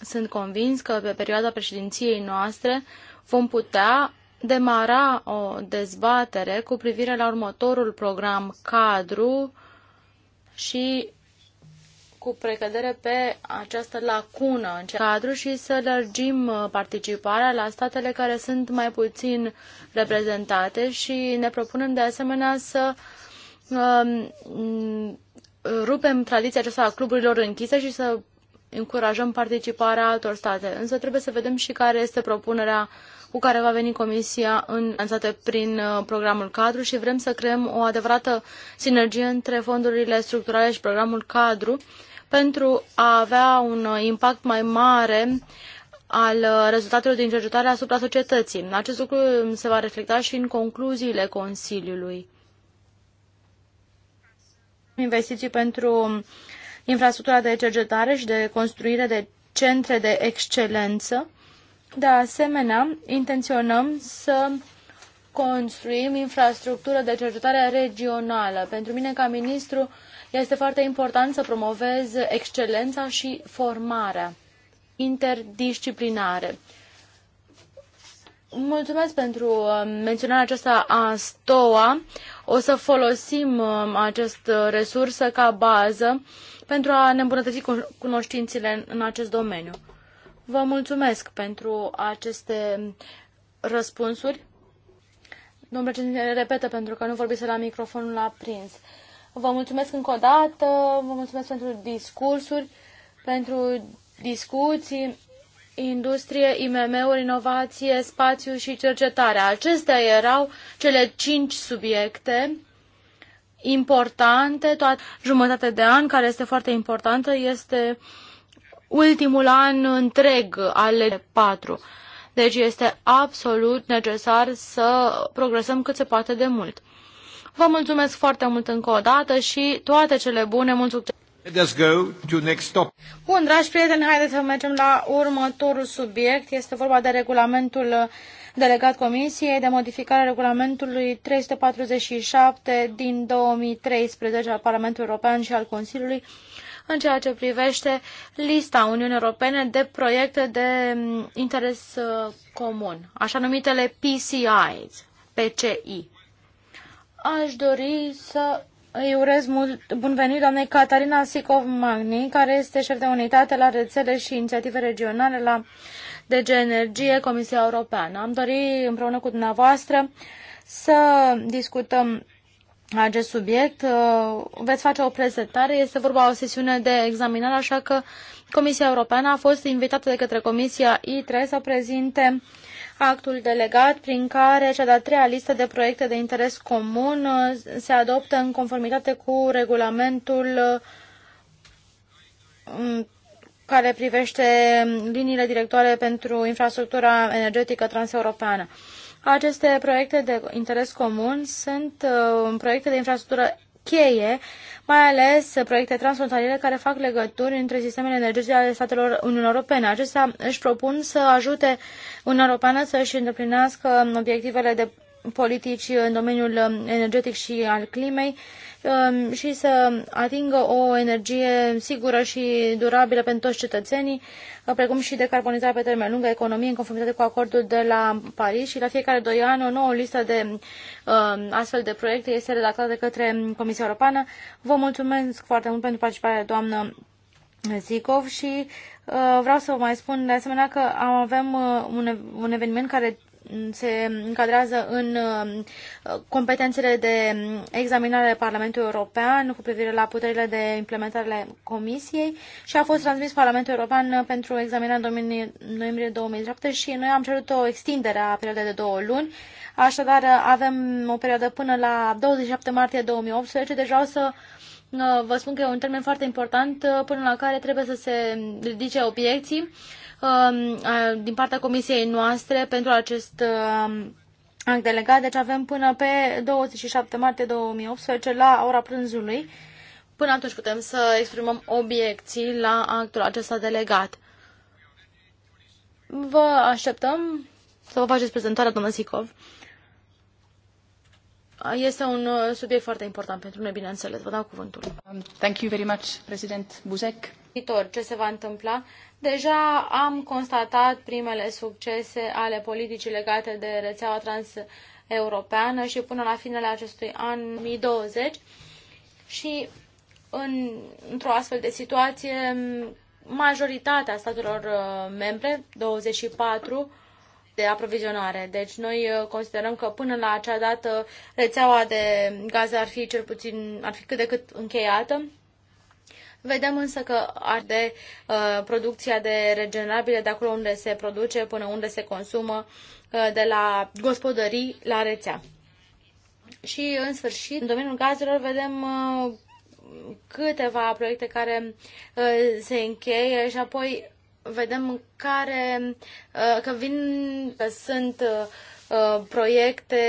Speaker 3: Sunt convins că pe perioada președinției noastre vom putea demara o dezbatere cu privire la următorul program cadru și cu precădere pe această lacună în cadru și să lărgim uh, participarea la statele care sunt mai puțin reprezentate și ne propunem de asemenea să um, rupem tradiția aceasta a cluburilor închise și să încurajăm participarea altor state. Însă trebuie să vedem și care este propunerea uh, cu care va veni Comisia în, prin uh, programul cadru și vrem să creăm o adevărată sinergie între fondurile structurale și programul cadru pentru a avea un uh, impact mai mare al uh, rezultatelor din cercetare asupra societății. Acest lucru um, se va reflecta și în concluziile Consiliului. Investiții pentru um, infrastructura de cercetare și de construire de centre de excelență de asemenea, intenționăm să construim infrastructură de cercetare regională. Pentru mine, ca ministru, este foarte important să promovez excelența și formarea interdisciplinare. Mulțumesc pentru uh, menționarea aceasta a STOA. O să folosim uh, acest resursă ca bază pentru a ne îmbunătăți cunoștințele în acest domeniu. Vă mulțumesc pentru aceste răspunsuri. Domnul președinte, repetă pentru că nu vorbise la microfonul aprins. Vă mulțumesc încă o dată, vă mulțumesc pentru discursuri, pentru discuții, industrie, IMM-uri, inovație, spațiu și cercetare. Acestea erau cele cinci subiecte importante, toată jumătate de an, care este foarte importantă, este uh, ultimul an întreg ale patru. Deci este absolut necesar să progresăm cât se poate de mult. Vă mulțumesc foarte mult încă o dată și toate cele bune, mult succes!
Speaker 1: us go to next stop.
Speaker 3: Bun, dragi prieteni, haideți să mergem la următorul subiect. Este vorba de regulamentul delegat Comisiei de modificare a regulamentului 347 din 2013 al Parlamentului European și al Consiliului în ceea ce privește lista Uniunii Europene de proiecte de mm, interes uh, comun, așa numitele PCI, PCI. Aș dori să îi urez mult bun venit doamnei Catarina Sicov Magni, care este șef de unitate la rețele și inițiative regionale la DG Energie, Comisia Europeană. Am dorit împreună cu dumneavoastră să discutăm acest subiect. Uh, veți face o prezentare, este vorba o sesiune de examinare, așa că Comisia Europeană a fost invitată de către Comisia ITRE să prezinte actul delegat prin care cea de-a treia listă de proiecte de interes comun uh, se adoptă în conformitate cu regulamentul uh, care privește liniile directoare pentru infrastructura energetică transeuropeană. Aceste proiecte de interes comun sunt uh, proiecte de infrastructură cheie, mai ales proiecte transfrontaliere care fac legături între sistemele energetice ale statelor Uniunii Europene. Acestea își propun să ajute Uniunea Europeană să își îndeplinească obiectivele de politici în domeniul um, energetic și al climei, Um, și să atingă o energie sigură și durabilă pentru toți cetățenii, uh, precum și decarbonizarea pe termen lung a economiei în conformitate cu acordul de la Paris și la fiecare doi ani o nouă listă de um, astfel de proiecte este redactată de către Comisia Europeană. Vă mulțumesc foarte mult pentru participarea, doamnă Zicov și uh, vreau să vă mai spun de asemenea că avem uh, un, un eveniment care se încadrează în uh, competențele de examinare ale Parlamentului European cu privire la puterile de implementare ale Comisiei și a fost transmis Parlamentul European pentru examinare în noiembrie 2007 și noi am cerut o extindere a perioadei de două luni. Așadar, avem o perioadă până la 27 martie 2018, deci vreau să uh, vă spun că e un termen foarte important uh, până la care trebuie să se ridice obiecții Um, din partea comisiei noastre pentru acest um, act delegat. Deci avem până pe 27 martie 2018 la ora prânzului. Până atunci putem să exprimăm obiecții la actul acesta delegat. Vă așteptăm să vă faceți prezentarea, domnul Sicov. Este un uh, subiect foarte important pentru noi, bineînțeles. Vă dau cuvântul. Um, thank you very much, President Buzek viitor, ce se va întâmpla. Deja am constatat primele succese ale politicii legate de rețeaua transeuropeană și până la finele acestui an 2020 și în, într-o astfel de situație majoritatea statelor uh, membre, 24, de aprovizionare. Deci noi uh, considerăm că până la acea dată rețeaua de gaze ar fi cel puțin, ar fi cât de cât încheiată Vedem însă că arde uh, producția de regenerabile de acolo unde se produce până unde se consumă, uh, de la gospodării la rețea. Și, în sfârșit, în domeniul gazelor vedem uh, câteva proiecte care uh, se încheie și apoi vedem care, uh, că vin, că sunt proiecte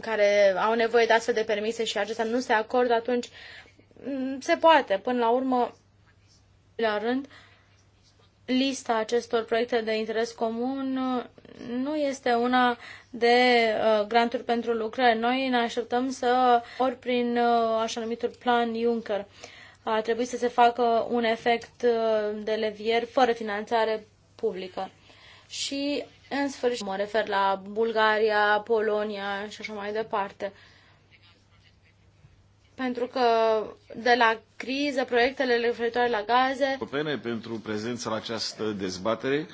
Speaker 3: care au nevoie de astfel de permise și acestea nu se acordă, atunci Mm, se poate, până la urmă, la rând, lista acestor proiecte de interes comun uh, nu este una de uh, granturi pentru lucrări. Noi ne așteptăm să, ori prin uh, așa numitul plan Juncker, a trebuit să se facă un efect de levier fără finanțare publică. Și, în sfârșit, mă refer la Bulgaria, Polonia și așa mai departe pentru că de la criză, proiectele referitoare la gaze.
Speaker 1: Europene pentru prezența la această dezbatere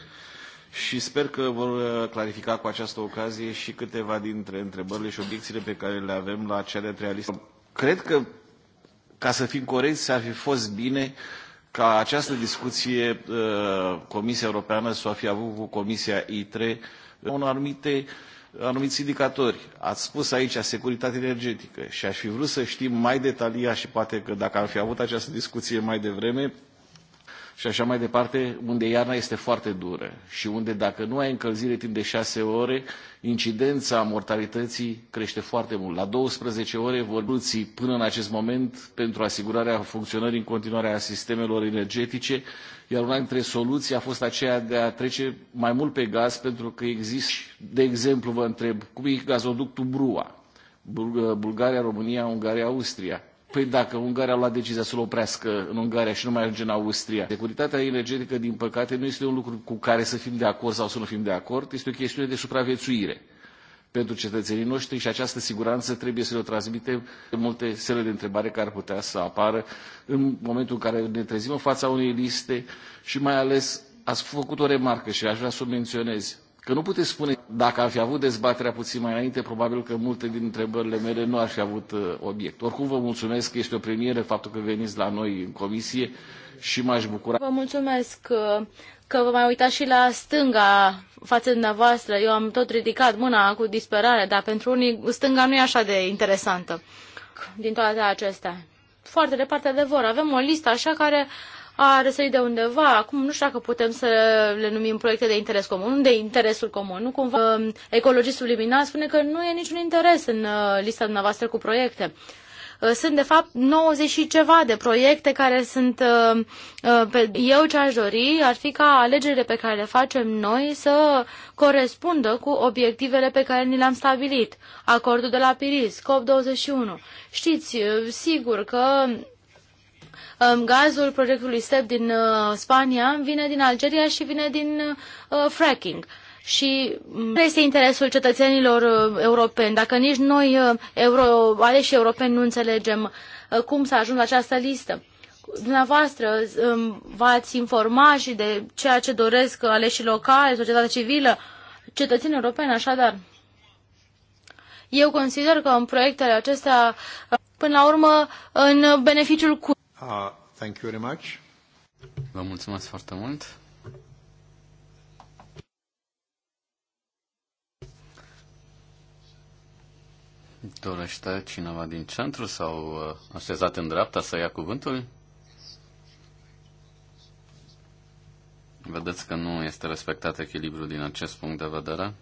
Speaker 1: și sper că vor uh, clarifica cu această ocazie și câteva dintre întrebările și obiecțiile pe care le avem la cea de-a treia listă. Cred că, ca să fim corecți, ar fi fost bine ca această discuție uh, Comisia Europeană să o fi avut cu Comisia ITRE în anumite anumiți indicatori. Ați spus aici securitate energetică și aș fi vrut să știm mai detaliat și poate că dacă am fi avut această discuție mai devreme, și așa mai departe, unde iarna este foarte dură și unde dacă nu ai încălzire timp de 6 ore, incidența mortalității crește foarte mult. La 12 ore vorbuții până în acest moment pentru asigurarea funcționării în continuare a sistemelor energetice, iar una dintre soluții a fost aceea de a trece mai mult pe gaz pentru că există, de exemplu, vă întreb, cum e gazoductul Brua, Bulgaria, România, Ungaria, Austria Păi dacă Ungaria a luat decizia să-l oprească în Ungaria și nu mai ajunge în Austria, securitatea energetică, din păcate, nu este un lucru cu care să fim de acord sau să nu fim de acord, este o chestiune de supraviețuire pentru cetățenii noștri și această siguranță trebuie să le transmitem multe sele de întrebare care ar putea să apară în momentul în care ne trezim în fața unei liste și mai ales ați făcut o remarcă și aș vrea să o menționez că nu puteți spune, dacă ar fi avut dezbaterea puțin mai înainte, probabil că multe din întrebările mele nu ar fi avut uh, obiect. Oricum vă mulțumesc că este o premieră faptul că veniți la noi în comisie și m-aș bucura.
Speaker 3: Vă mulțumesc uh, că vă mai uitați și la stânga față de dumneavoastră. Eu am tot ridicat mâna cu disperare, dar pentru unii stânga nu e așa de interesantă din toate acestea. Foarte departe de vor. Avem o listă așa care a răsărit de undeva. Acum nu știu dacă putem să le numim proiecte de interes comun, de interesul comun. Nu cumva um, ecologistul subliminal spune că nu e niciun interes în uh, lista dumneavoastră cu proiecte. Uh, sunt, de fapt, 90 și ceva de proiecte care sunt uh, pe... Eu ce aș dori ar fi ca alegerile pe care le facem noi să corespundă cu obiectivele pe care ni le-am stabilit. Acordul de la Piris, COP21. Știți, sigur că Gazul proiectului STEP din uh, Spania vine din Algeria și vine din uh, fracking. Și mm, care este interesul cetățenilor uh, europeni? Dacă nici noi, euro, aleși europeni, nu înțelegem cum să ajungă la această listă. Dumneavoastră v-ați informa și de ceea ce doresc aleșii locali, societatea civilă, cetățenii europeni, așadar. Eu consider că în proiectele acestea, până la urmă, în beneficiul cu
Speaker 2: Uh, thank you very much. Vă mulțumesc foarte mult. Dorește cineva din centru sau uh, așezat în dreapta să ia cuvântul? Vedeți că nu este respectat echilibrul din acest punct de vedere?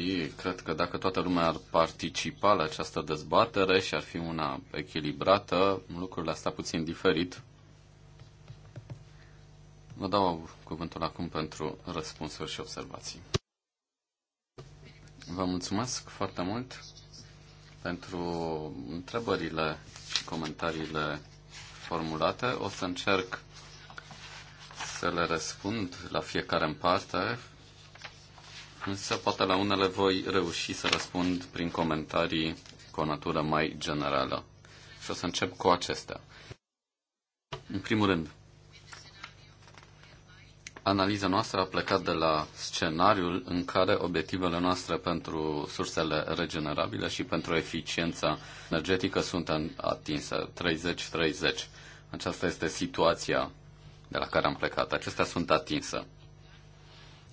Speaker 2: și cred că dacă toată lumea ar participa la această dezbatere și ar fi una echilibrată, lucrurile astea puțin diferit. Vă dau cuvântul acum pentru răspunsuri și observații. Vă mulțumesc foarte mult pentru întrebările și comentariile formulate. O să încerc să le răspund la fiecare în parte Însă poate la unele voi reuși să răspund prin comentarii cu o natură mai generală. Și o să încep cu acestea. În primul rând, analiza noastră a plecat de la scenariul în care obiectivele noastre pentru sursele regenerabile și pentru eficiența energetică sunt atinse 30-30. Aceasta este situația de la care am plecat. Acestea sunt atinse.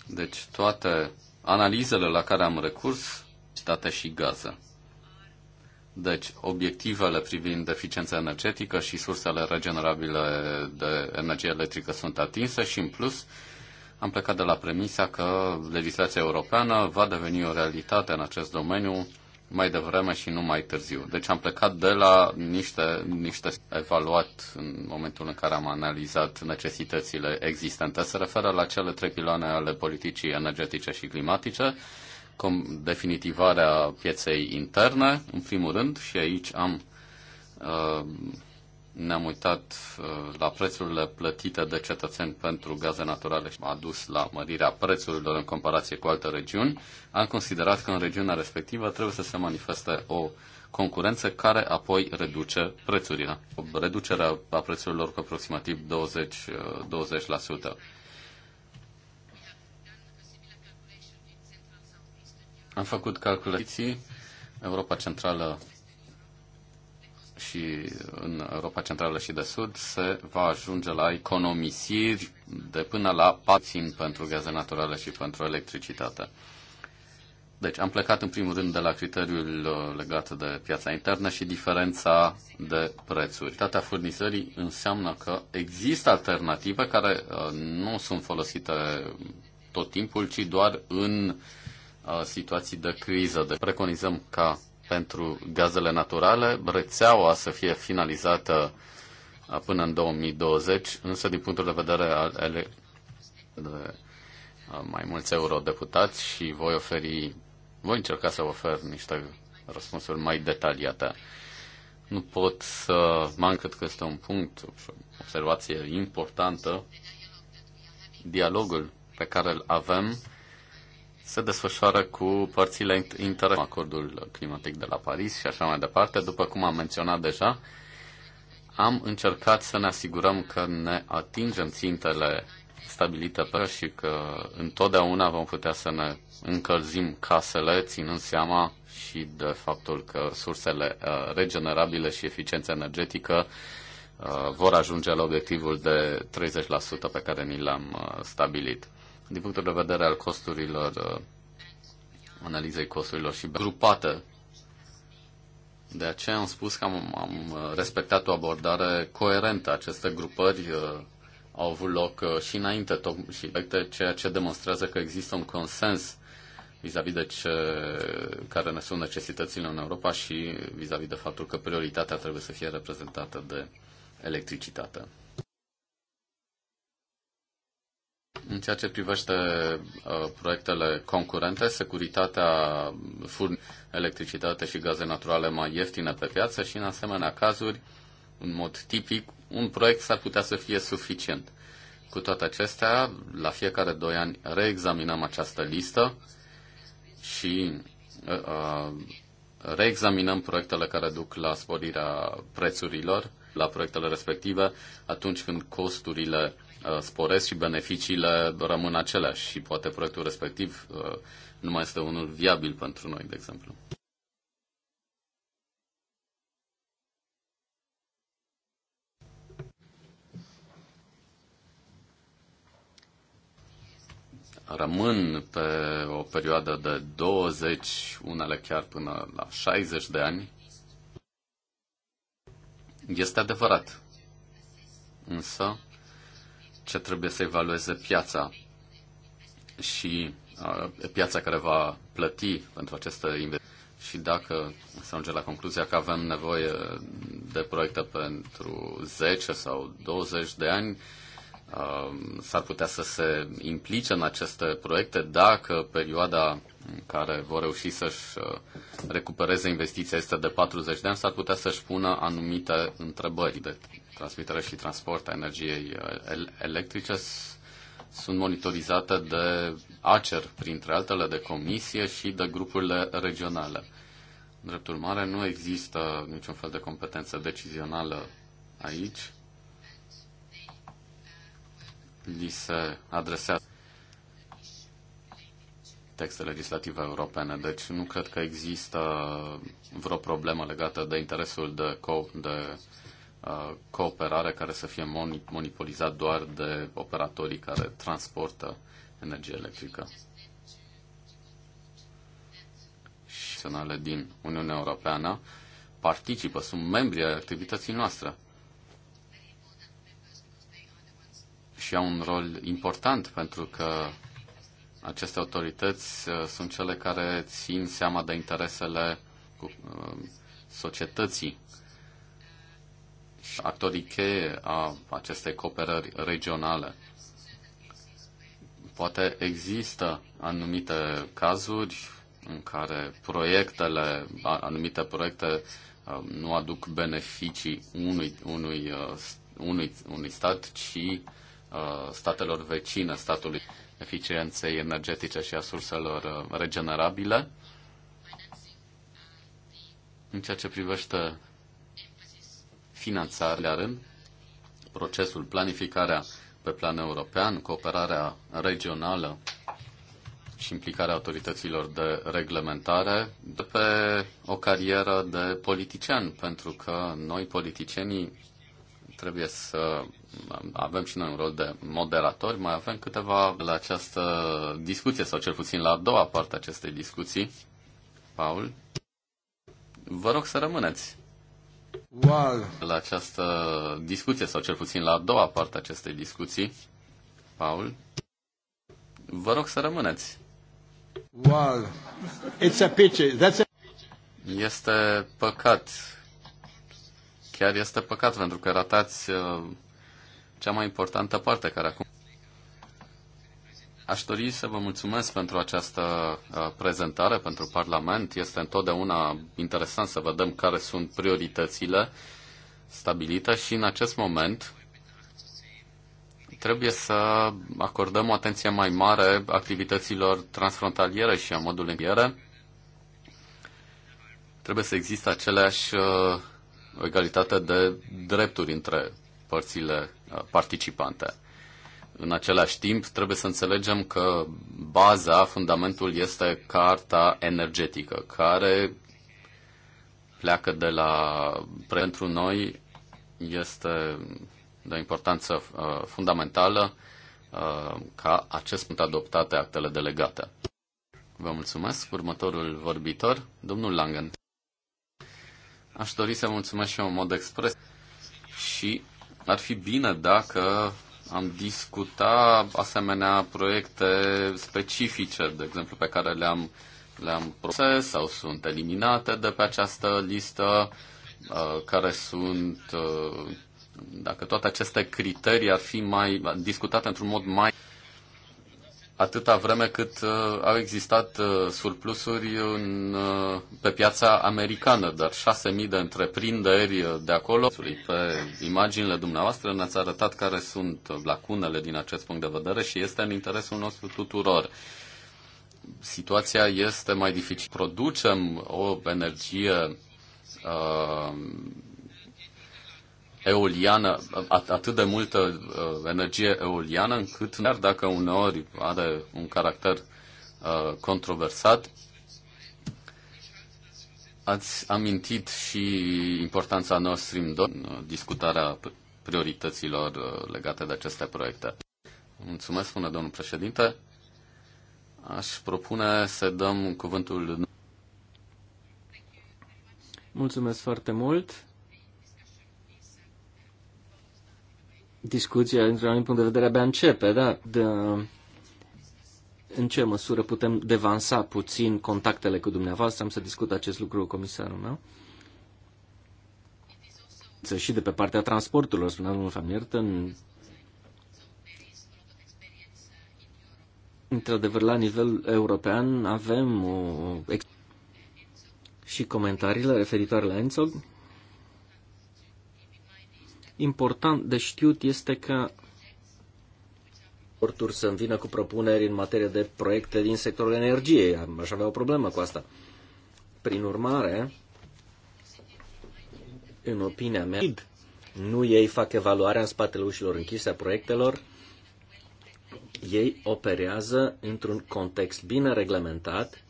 Speaker 2: Deci toate analizele la care am recurs, citate și gază. Deci, obiectivele privind eficiența energetică și sursele regenerabile de energie electrică sunt atinse și, în plus, am plecat de la premisa că legislația europeană va deveni o realitate în acest domeniu mai devreme și nu mai târziu. Deci am plecat de la niște, niște evaluat în momentul în care am analizat necesitățile existente. Se referă la cele trei piloane ale politicii energetice și climatice, cum definitivarea pieței interne, în primul rând, și aici am uh, ne-am uitat uh, la prețurile plătite de cetățeni pentru gaze naturale și a dus la mărirea prețurilor în comparație cu alte regiuni, am considerat că în regiunea respectivă trebuie să se manifeste o concurență care apoi reduce prețurile. Reducerea a prețurilor cu aproximativ 20, 20%. Uh, am făcut calculații. Europa Centrală și în Europa Centrală și de Sud se va ajunge la economisiri de până la pațin pentru gaze naturale și pentru electricitate. Deci am plecat în primul rând de la criteriul uh, legat de piața internă și diferența de prețuri. Tatea furnizării înseamnă că există alternative care uh, nu sunt folosite tot timpul, ci doar în uh, situații de criză. De deci, preconizăm ca pentru gazele naturale, rețeaua să fie finalizată uh, până în 2020, însă din punctul de vedere al ele... de uh, mai mulți eurodeputați și voi oferi, voi încerca să ofer niște răspunsuri mai detaliate. Nu pot să mă că este un punct, o observație importantă, dialogul pe care îl avem se desfășoară cu părțile inter acordul climatic de la Paris și așa mai departe. După cum am menționat deja, am încercat să ne asigurăm că ne atingem țintele stabilită pe și că întotdeauna vom putea să ne încălzim casele, ținând seama și de faptul că sursele uh, regenerabile și eficiența energetică uh, vor ajunge la obiectivul de 30% pe care ni l-am uh, stabilit din punctul de vedere al costurilor, uh, analizei costurilor și grupată. De aceea am spus că am, am respectat o abordare coerentă. Aceste grupări uh, au avut loc uh, și înainte, tot, și de ceea ce demonstrează că există un consens vis-a-vis -vis de ce, care ne sunt necesitățile în Europa și vis-a-vis -vis de faptul că prioritatea trebuie să fie reprezentată de electricitate. În ceea ce privește uh, proiectele concurente, securitatea furn electricitate și gaze naturale mai ieftine pe piață și, în asemenea cazuri, în mod tipic, un proiect s-ar putea să fie suficient. Cu toate acestea, la fiecare doi ani reexaminăm această listă și uh, uh reexaminăm proiectele care duc la sporirea prețurilor la proiectele respective atunci când costurile Uh, sporesc și beneficiile rămân aceleași și poate proiectul respectiv uh, nu mai este unul viabil pentru noi, de exemplu. rămân pe o perioadă de 20, unele chiar până la 60 de ani, este adevărat. Însă, ce trebuie să evalueze piața și uh, piața care va plăti pentru aceste investiții și dacă se ajunge la concluzia că avem nevoie de proiecte pentru 10 sau 20 de ani, uh, s-ar putea să se implice în aceste proiecte dacă perioada în care vor reuși să-și uh, recupereze investiția este de 40 de ani, s-ar putea să-și pună anumite întrebări. De deci, transmitere și transport a energiei uh, electrice sunt monitorizate de ACER, printre altele, de comisie și de grupurile regionale. În drept urmare, nu există niciun fel de competență decizională aici. Li se adresează texte legislative europene, deci nu cred că există vreo problemă legată de interesul de, co- de Uh, cooperare care să fie monopolizat doar de operatorii care transportă energie electrică. Și naționale din Uniunea Europeană participă, sunt membri ai activității noastre. Și au un rol important pentru că aceste autorități uh, sunt cele care țin seama de interesele uh, societății și actorii cheie a acestei cooperări regionale. Poate există anumite cazuri în care proiectele, anumite proiecte um, nu aduc beneficii unui, unui, uh, unui, unui stat, ci uh, statelor vecine statului eficienței energetice și a surselor uh, regenerabile. În ceea ce privește finanțare, la rând, procesul, planificarea pe plan european, cooperarea regională și implicarea autorităților de reglementare de pe o carieră de politician, pentru că noi politicienii trebuie să avem și noi un rol de moderatori, mai avem câteva la această discuție, sau cel puțin la a doua parte a acestei discuții. Paul, vă rog să rămâneți. Wow. La această discuție, sau cel puțin la a doua parte a acestei discuții, Paul, vă rog să rămâneți.
Speaker 1: Wow. It's a pity. That's a...
Speaker 2: Este păcat. Chiar este păcat, pentru că ratați uh, cea mai importantă parte care acum Aș dori să vă mulțumesc pentru această uh, prezentare pentru Parlament. Este întotdeauna interesant să vedem care sunt prioritățile stabilite și în acest moment trebuie să acordăm o atenție mai mare activităților transfrontaliere și a modului în trebuie să existe aceleași uh, egalitate de drepturi între părțile uh, participante. În același timp, trebuie să înțelegem că baza, fundamentul este carta energetică, care pleacă de la. Pentru noi este de importanță uh, fundamentală uh, ca acest punct adoptate actele delegate. Vă mulțumesc. Următorul vorbitor, domnul Langen. Aș dori să mulțumesc și eu în mod expres și ar fi bine dacă am discuta asemenea proiecte specifice, de exemplu, pe care le-am le-am proces sau sunt eliminate de pe această listă, uh, care sunt, uh, dacă toate aceste criterii ar fi mai discutate într-un mod mai atâta vreme cât uh, au existat uh, surplusuri în, uh, pe piața americană, dar 6.000 de întreprinderi de acolo. Pe imaginile dumneavoastră ne-ați arătat care sunt lacunele din acest punct de vedere și este în interesul nostru tuturor. Situația este mai dificilă. Producem o energie uh, eoliană, atât de multă uh, energie eoliană, încât chiar dacă uneori are un caracter uh, controversat, ați amintit și importanța Nord Stream 2 în discutarea priorităților uh, legate de aceste proiecte. Mulțumesc, spune domnul președinte. Aș propune să dăm cuvântul.
Speaker 4: Mulțumesc foarte mult. discuția, într-un anumit punct de vedere, abia începe, da? De, în ce măsură putem devansa puțin contactele cu dumneavoastră? Am să discut acest lucru cu comisarul meu. Și de pe partea transporturilor, spunea domnul Famierten, într-adevăr, la nivel european avem o... și comentariile referitoare la ENSOG. Important de știut este că porturi să-mi vină cu propuneri în materie de proiecte din sectorul energiei. Aș avea o problemă cu asta. Prin urmare, în opinia mea, nu ei fac evaluarea în spatele ușilor închise a proiectelor, ei operează într-un context bine reglementat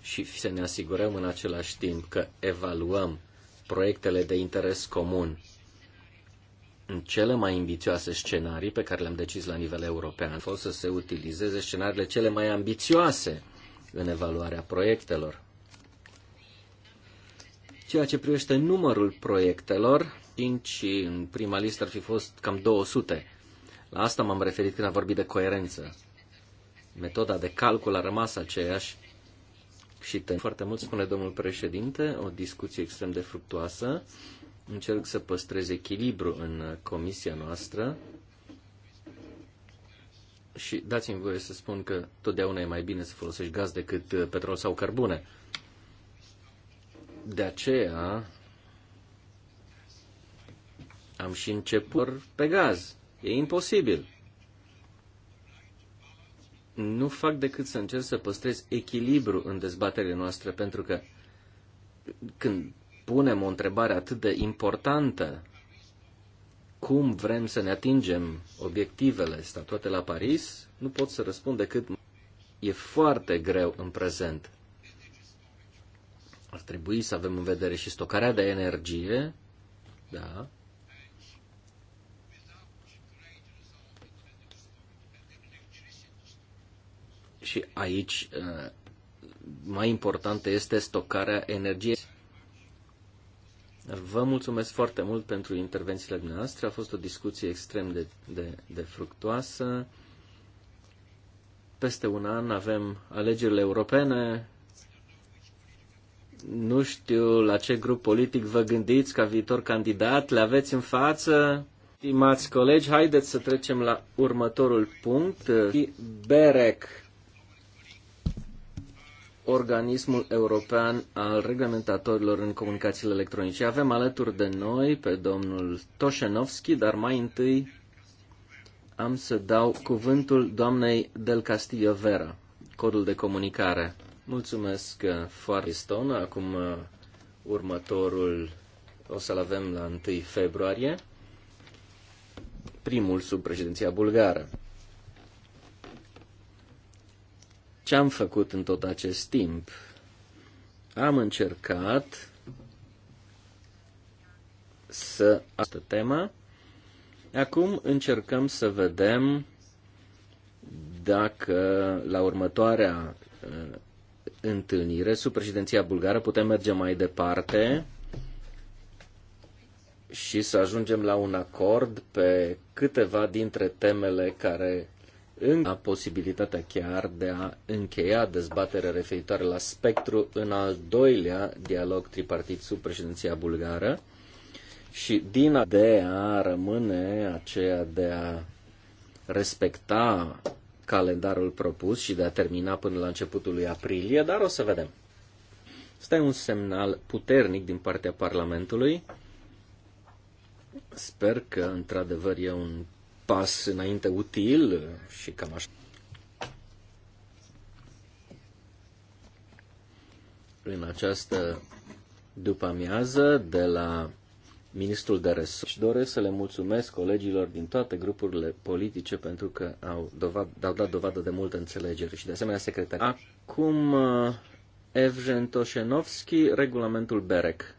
Speaker 4: și să ne asigurăm în același timp că evaluăm proiectele de interes comun în cele mai ambițioase scenarii pe care le-am decis la nivel european au fost să se utilizeze scenariile cele mai ambițioase în evaluarea proiectelor. Ceea ce privește numărul proiectelor, și în prima listă ar fi fost cam 200. La asta m-am referit când am vorbit de coerență. Metoda de calcul a rămas aceeași și te foarte mult, spune domnul președinte, o discuție extrem de fructuoasă. Încerc să păstrez echilibru în comisia noastră și dați-mi voie să spun că totdeauna e mai bine să folosești gaz decât uh, petrol sau cărbune. De aceea am și început pe gaz. E imposibil. Nu fac decât să încerc să păstrez echilibru în dezbaterile noastre, pentru că când punem o întrebare atât de importantă, cum vrem să ne atingem obiectivele statuate la Paris, nu pot să răspund decât e foarte greu în prezent. Ar trebui să avem în vedere și stocarea de energie, da, și aici uh, mai importantă este stocarea energiei. Vă mulțumesc foarte mult pentru intervențiile dumneavoastră. A fost o discuție extrem de, de, de fructoasă. Peste un an avem alegerile europene. Nu știu la ce grup politic vă gândiți ca viitor candidat. Le aveți în față. Stimați colegi, haideți să trecem la următorul punct. Berec organismul european al reglementatorilor în comunicațiile electronice. Avem alături de noi pe domnul Toșenovski, dar mai întâi am să dau cuvântul doamnei Del Castillo Vera, codul de comunicare. Mulțumesc uh, foarte stonă. Acum uh, următorul o să-l avem la 1 februarie, primul sub președinția bulgară. Ce am făcut în tot acest timp? Am încercat să asta tema. Acum încercăm să vedem dacă la următoarea uh, întâlnire sub președinția bulgară putem merge mai departe și să ajungem la un acord pe câteva dintre temele care în posibilitatea chiar de a încheia dezbaterea referitoare la spectru în al doilea dialog tripartit sub președinția bulgară și din ideea rămâne aceea de a respecta calendarul propus și de a termina până la începutul lui aprilie, dar o să vedem. Asta e un semnal puternic din partea Parlamentului. Sper că, într-adevăr, e un pas înainte util și cam așa. În această după amiază de la ministrul de resurs. Doresc să le mulțumesc colegilor din toate grupurile politice pentru că au, dovad, au dat dovadă de multă înțelegere și de asemenea secretar. Acum uh, Evgen Toșenovski, regulamentul BEREC.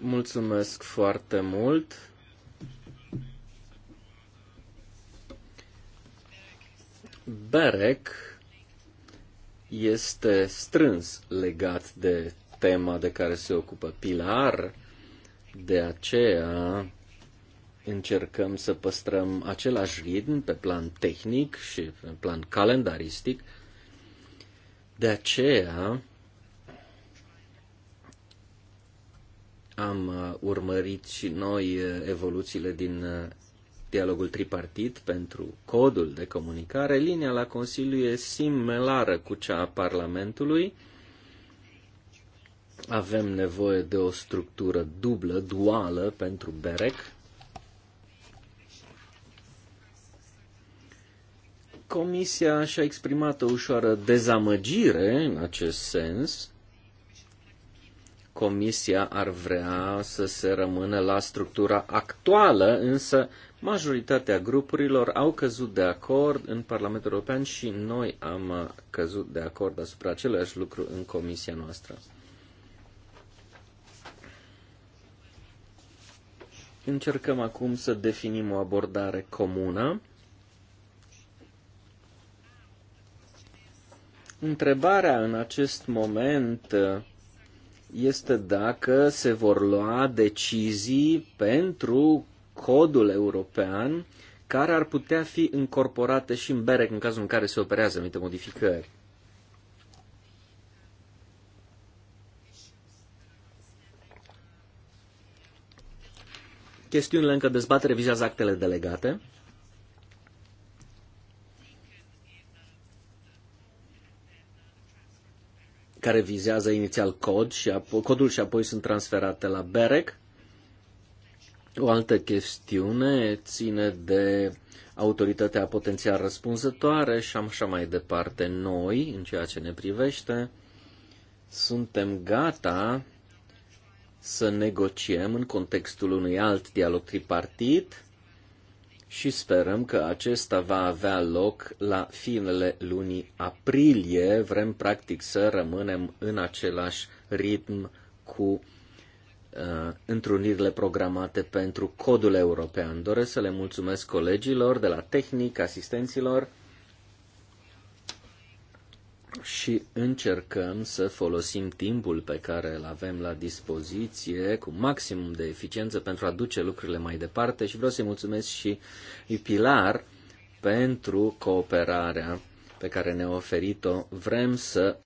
Speaker 4: Mulțumesc foarte mult. Berek este strâns legat de tema de care se ocupă Pilar, de aceea încercăm să păstrăm același ritm pe plan tehnic și pe plan calendaristic. De aceea am urmărit și noi evoluțiile din dialogul tripartit pentru codul de comunicare, linia la Consiliu e similară cu cea a Parlamentului. Avem nevoie de o structură dublă, duală pentru BEREC. Comisia și-a exprimat o ușoară dezamăgire în acest sens. Comisia ar vrea să se rămână la structura actuală, însă Majoritatea grupurilor au căzut de acord în Parlamentul European și noi am căzut de acord asupra același lucru în comisia noastră. Încercăm acum să definim o abordare comună. Întrebarea în acest moment este dacă se vor lua decizii pentru codul european care ar putea fi incorporate și în BEREC în cazul în care se operează anumite modificări. Chestiunile încă dezbatere vizează actele delegate. care vizează inițial cod și codul și apoi sunt transferate la BEREC. O altă chestiune ține de autoritatea potențial răspunzătoare și așa mai departe. Noi, în ceea ce ne privește, suntem gata să negociem în contextul unui alt dialog tripartit și sperăm că acesta va avea loc la finele lunii aprilie. Vrem, practic, să rămânem în același ritm cu Uh, întrunirile programate pentru codul european. Doresc să le mulțumesc colegilor de la tehnic, asistenților și încercăm să folosim timpul pe care îl avem la dispoziție cu maximum de eficiență pentru a duce lucrurile mai departe și vreau să-i mulțumesc și Pilar pentru cooperarea pe care ne-a oferit-o. Vrem să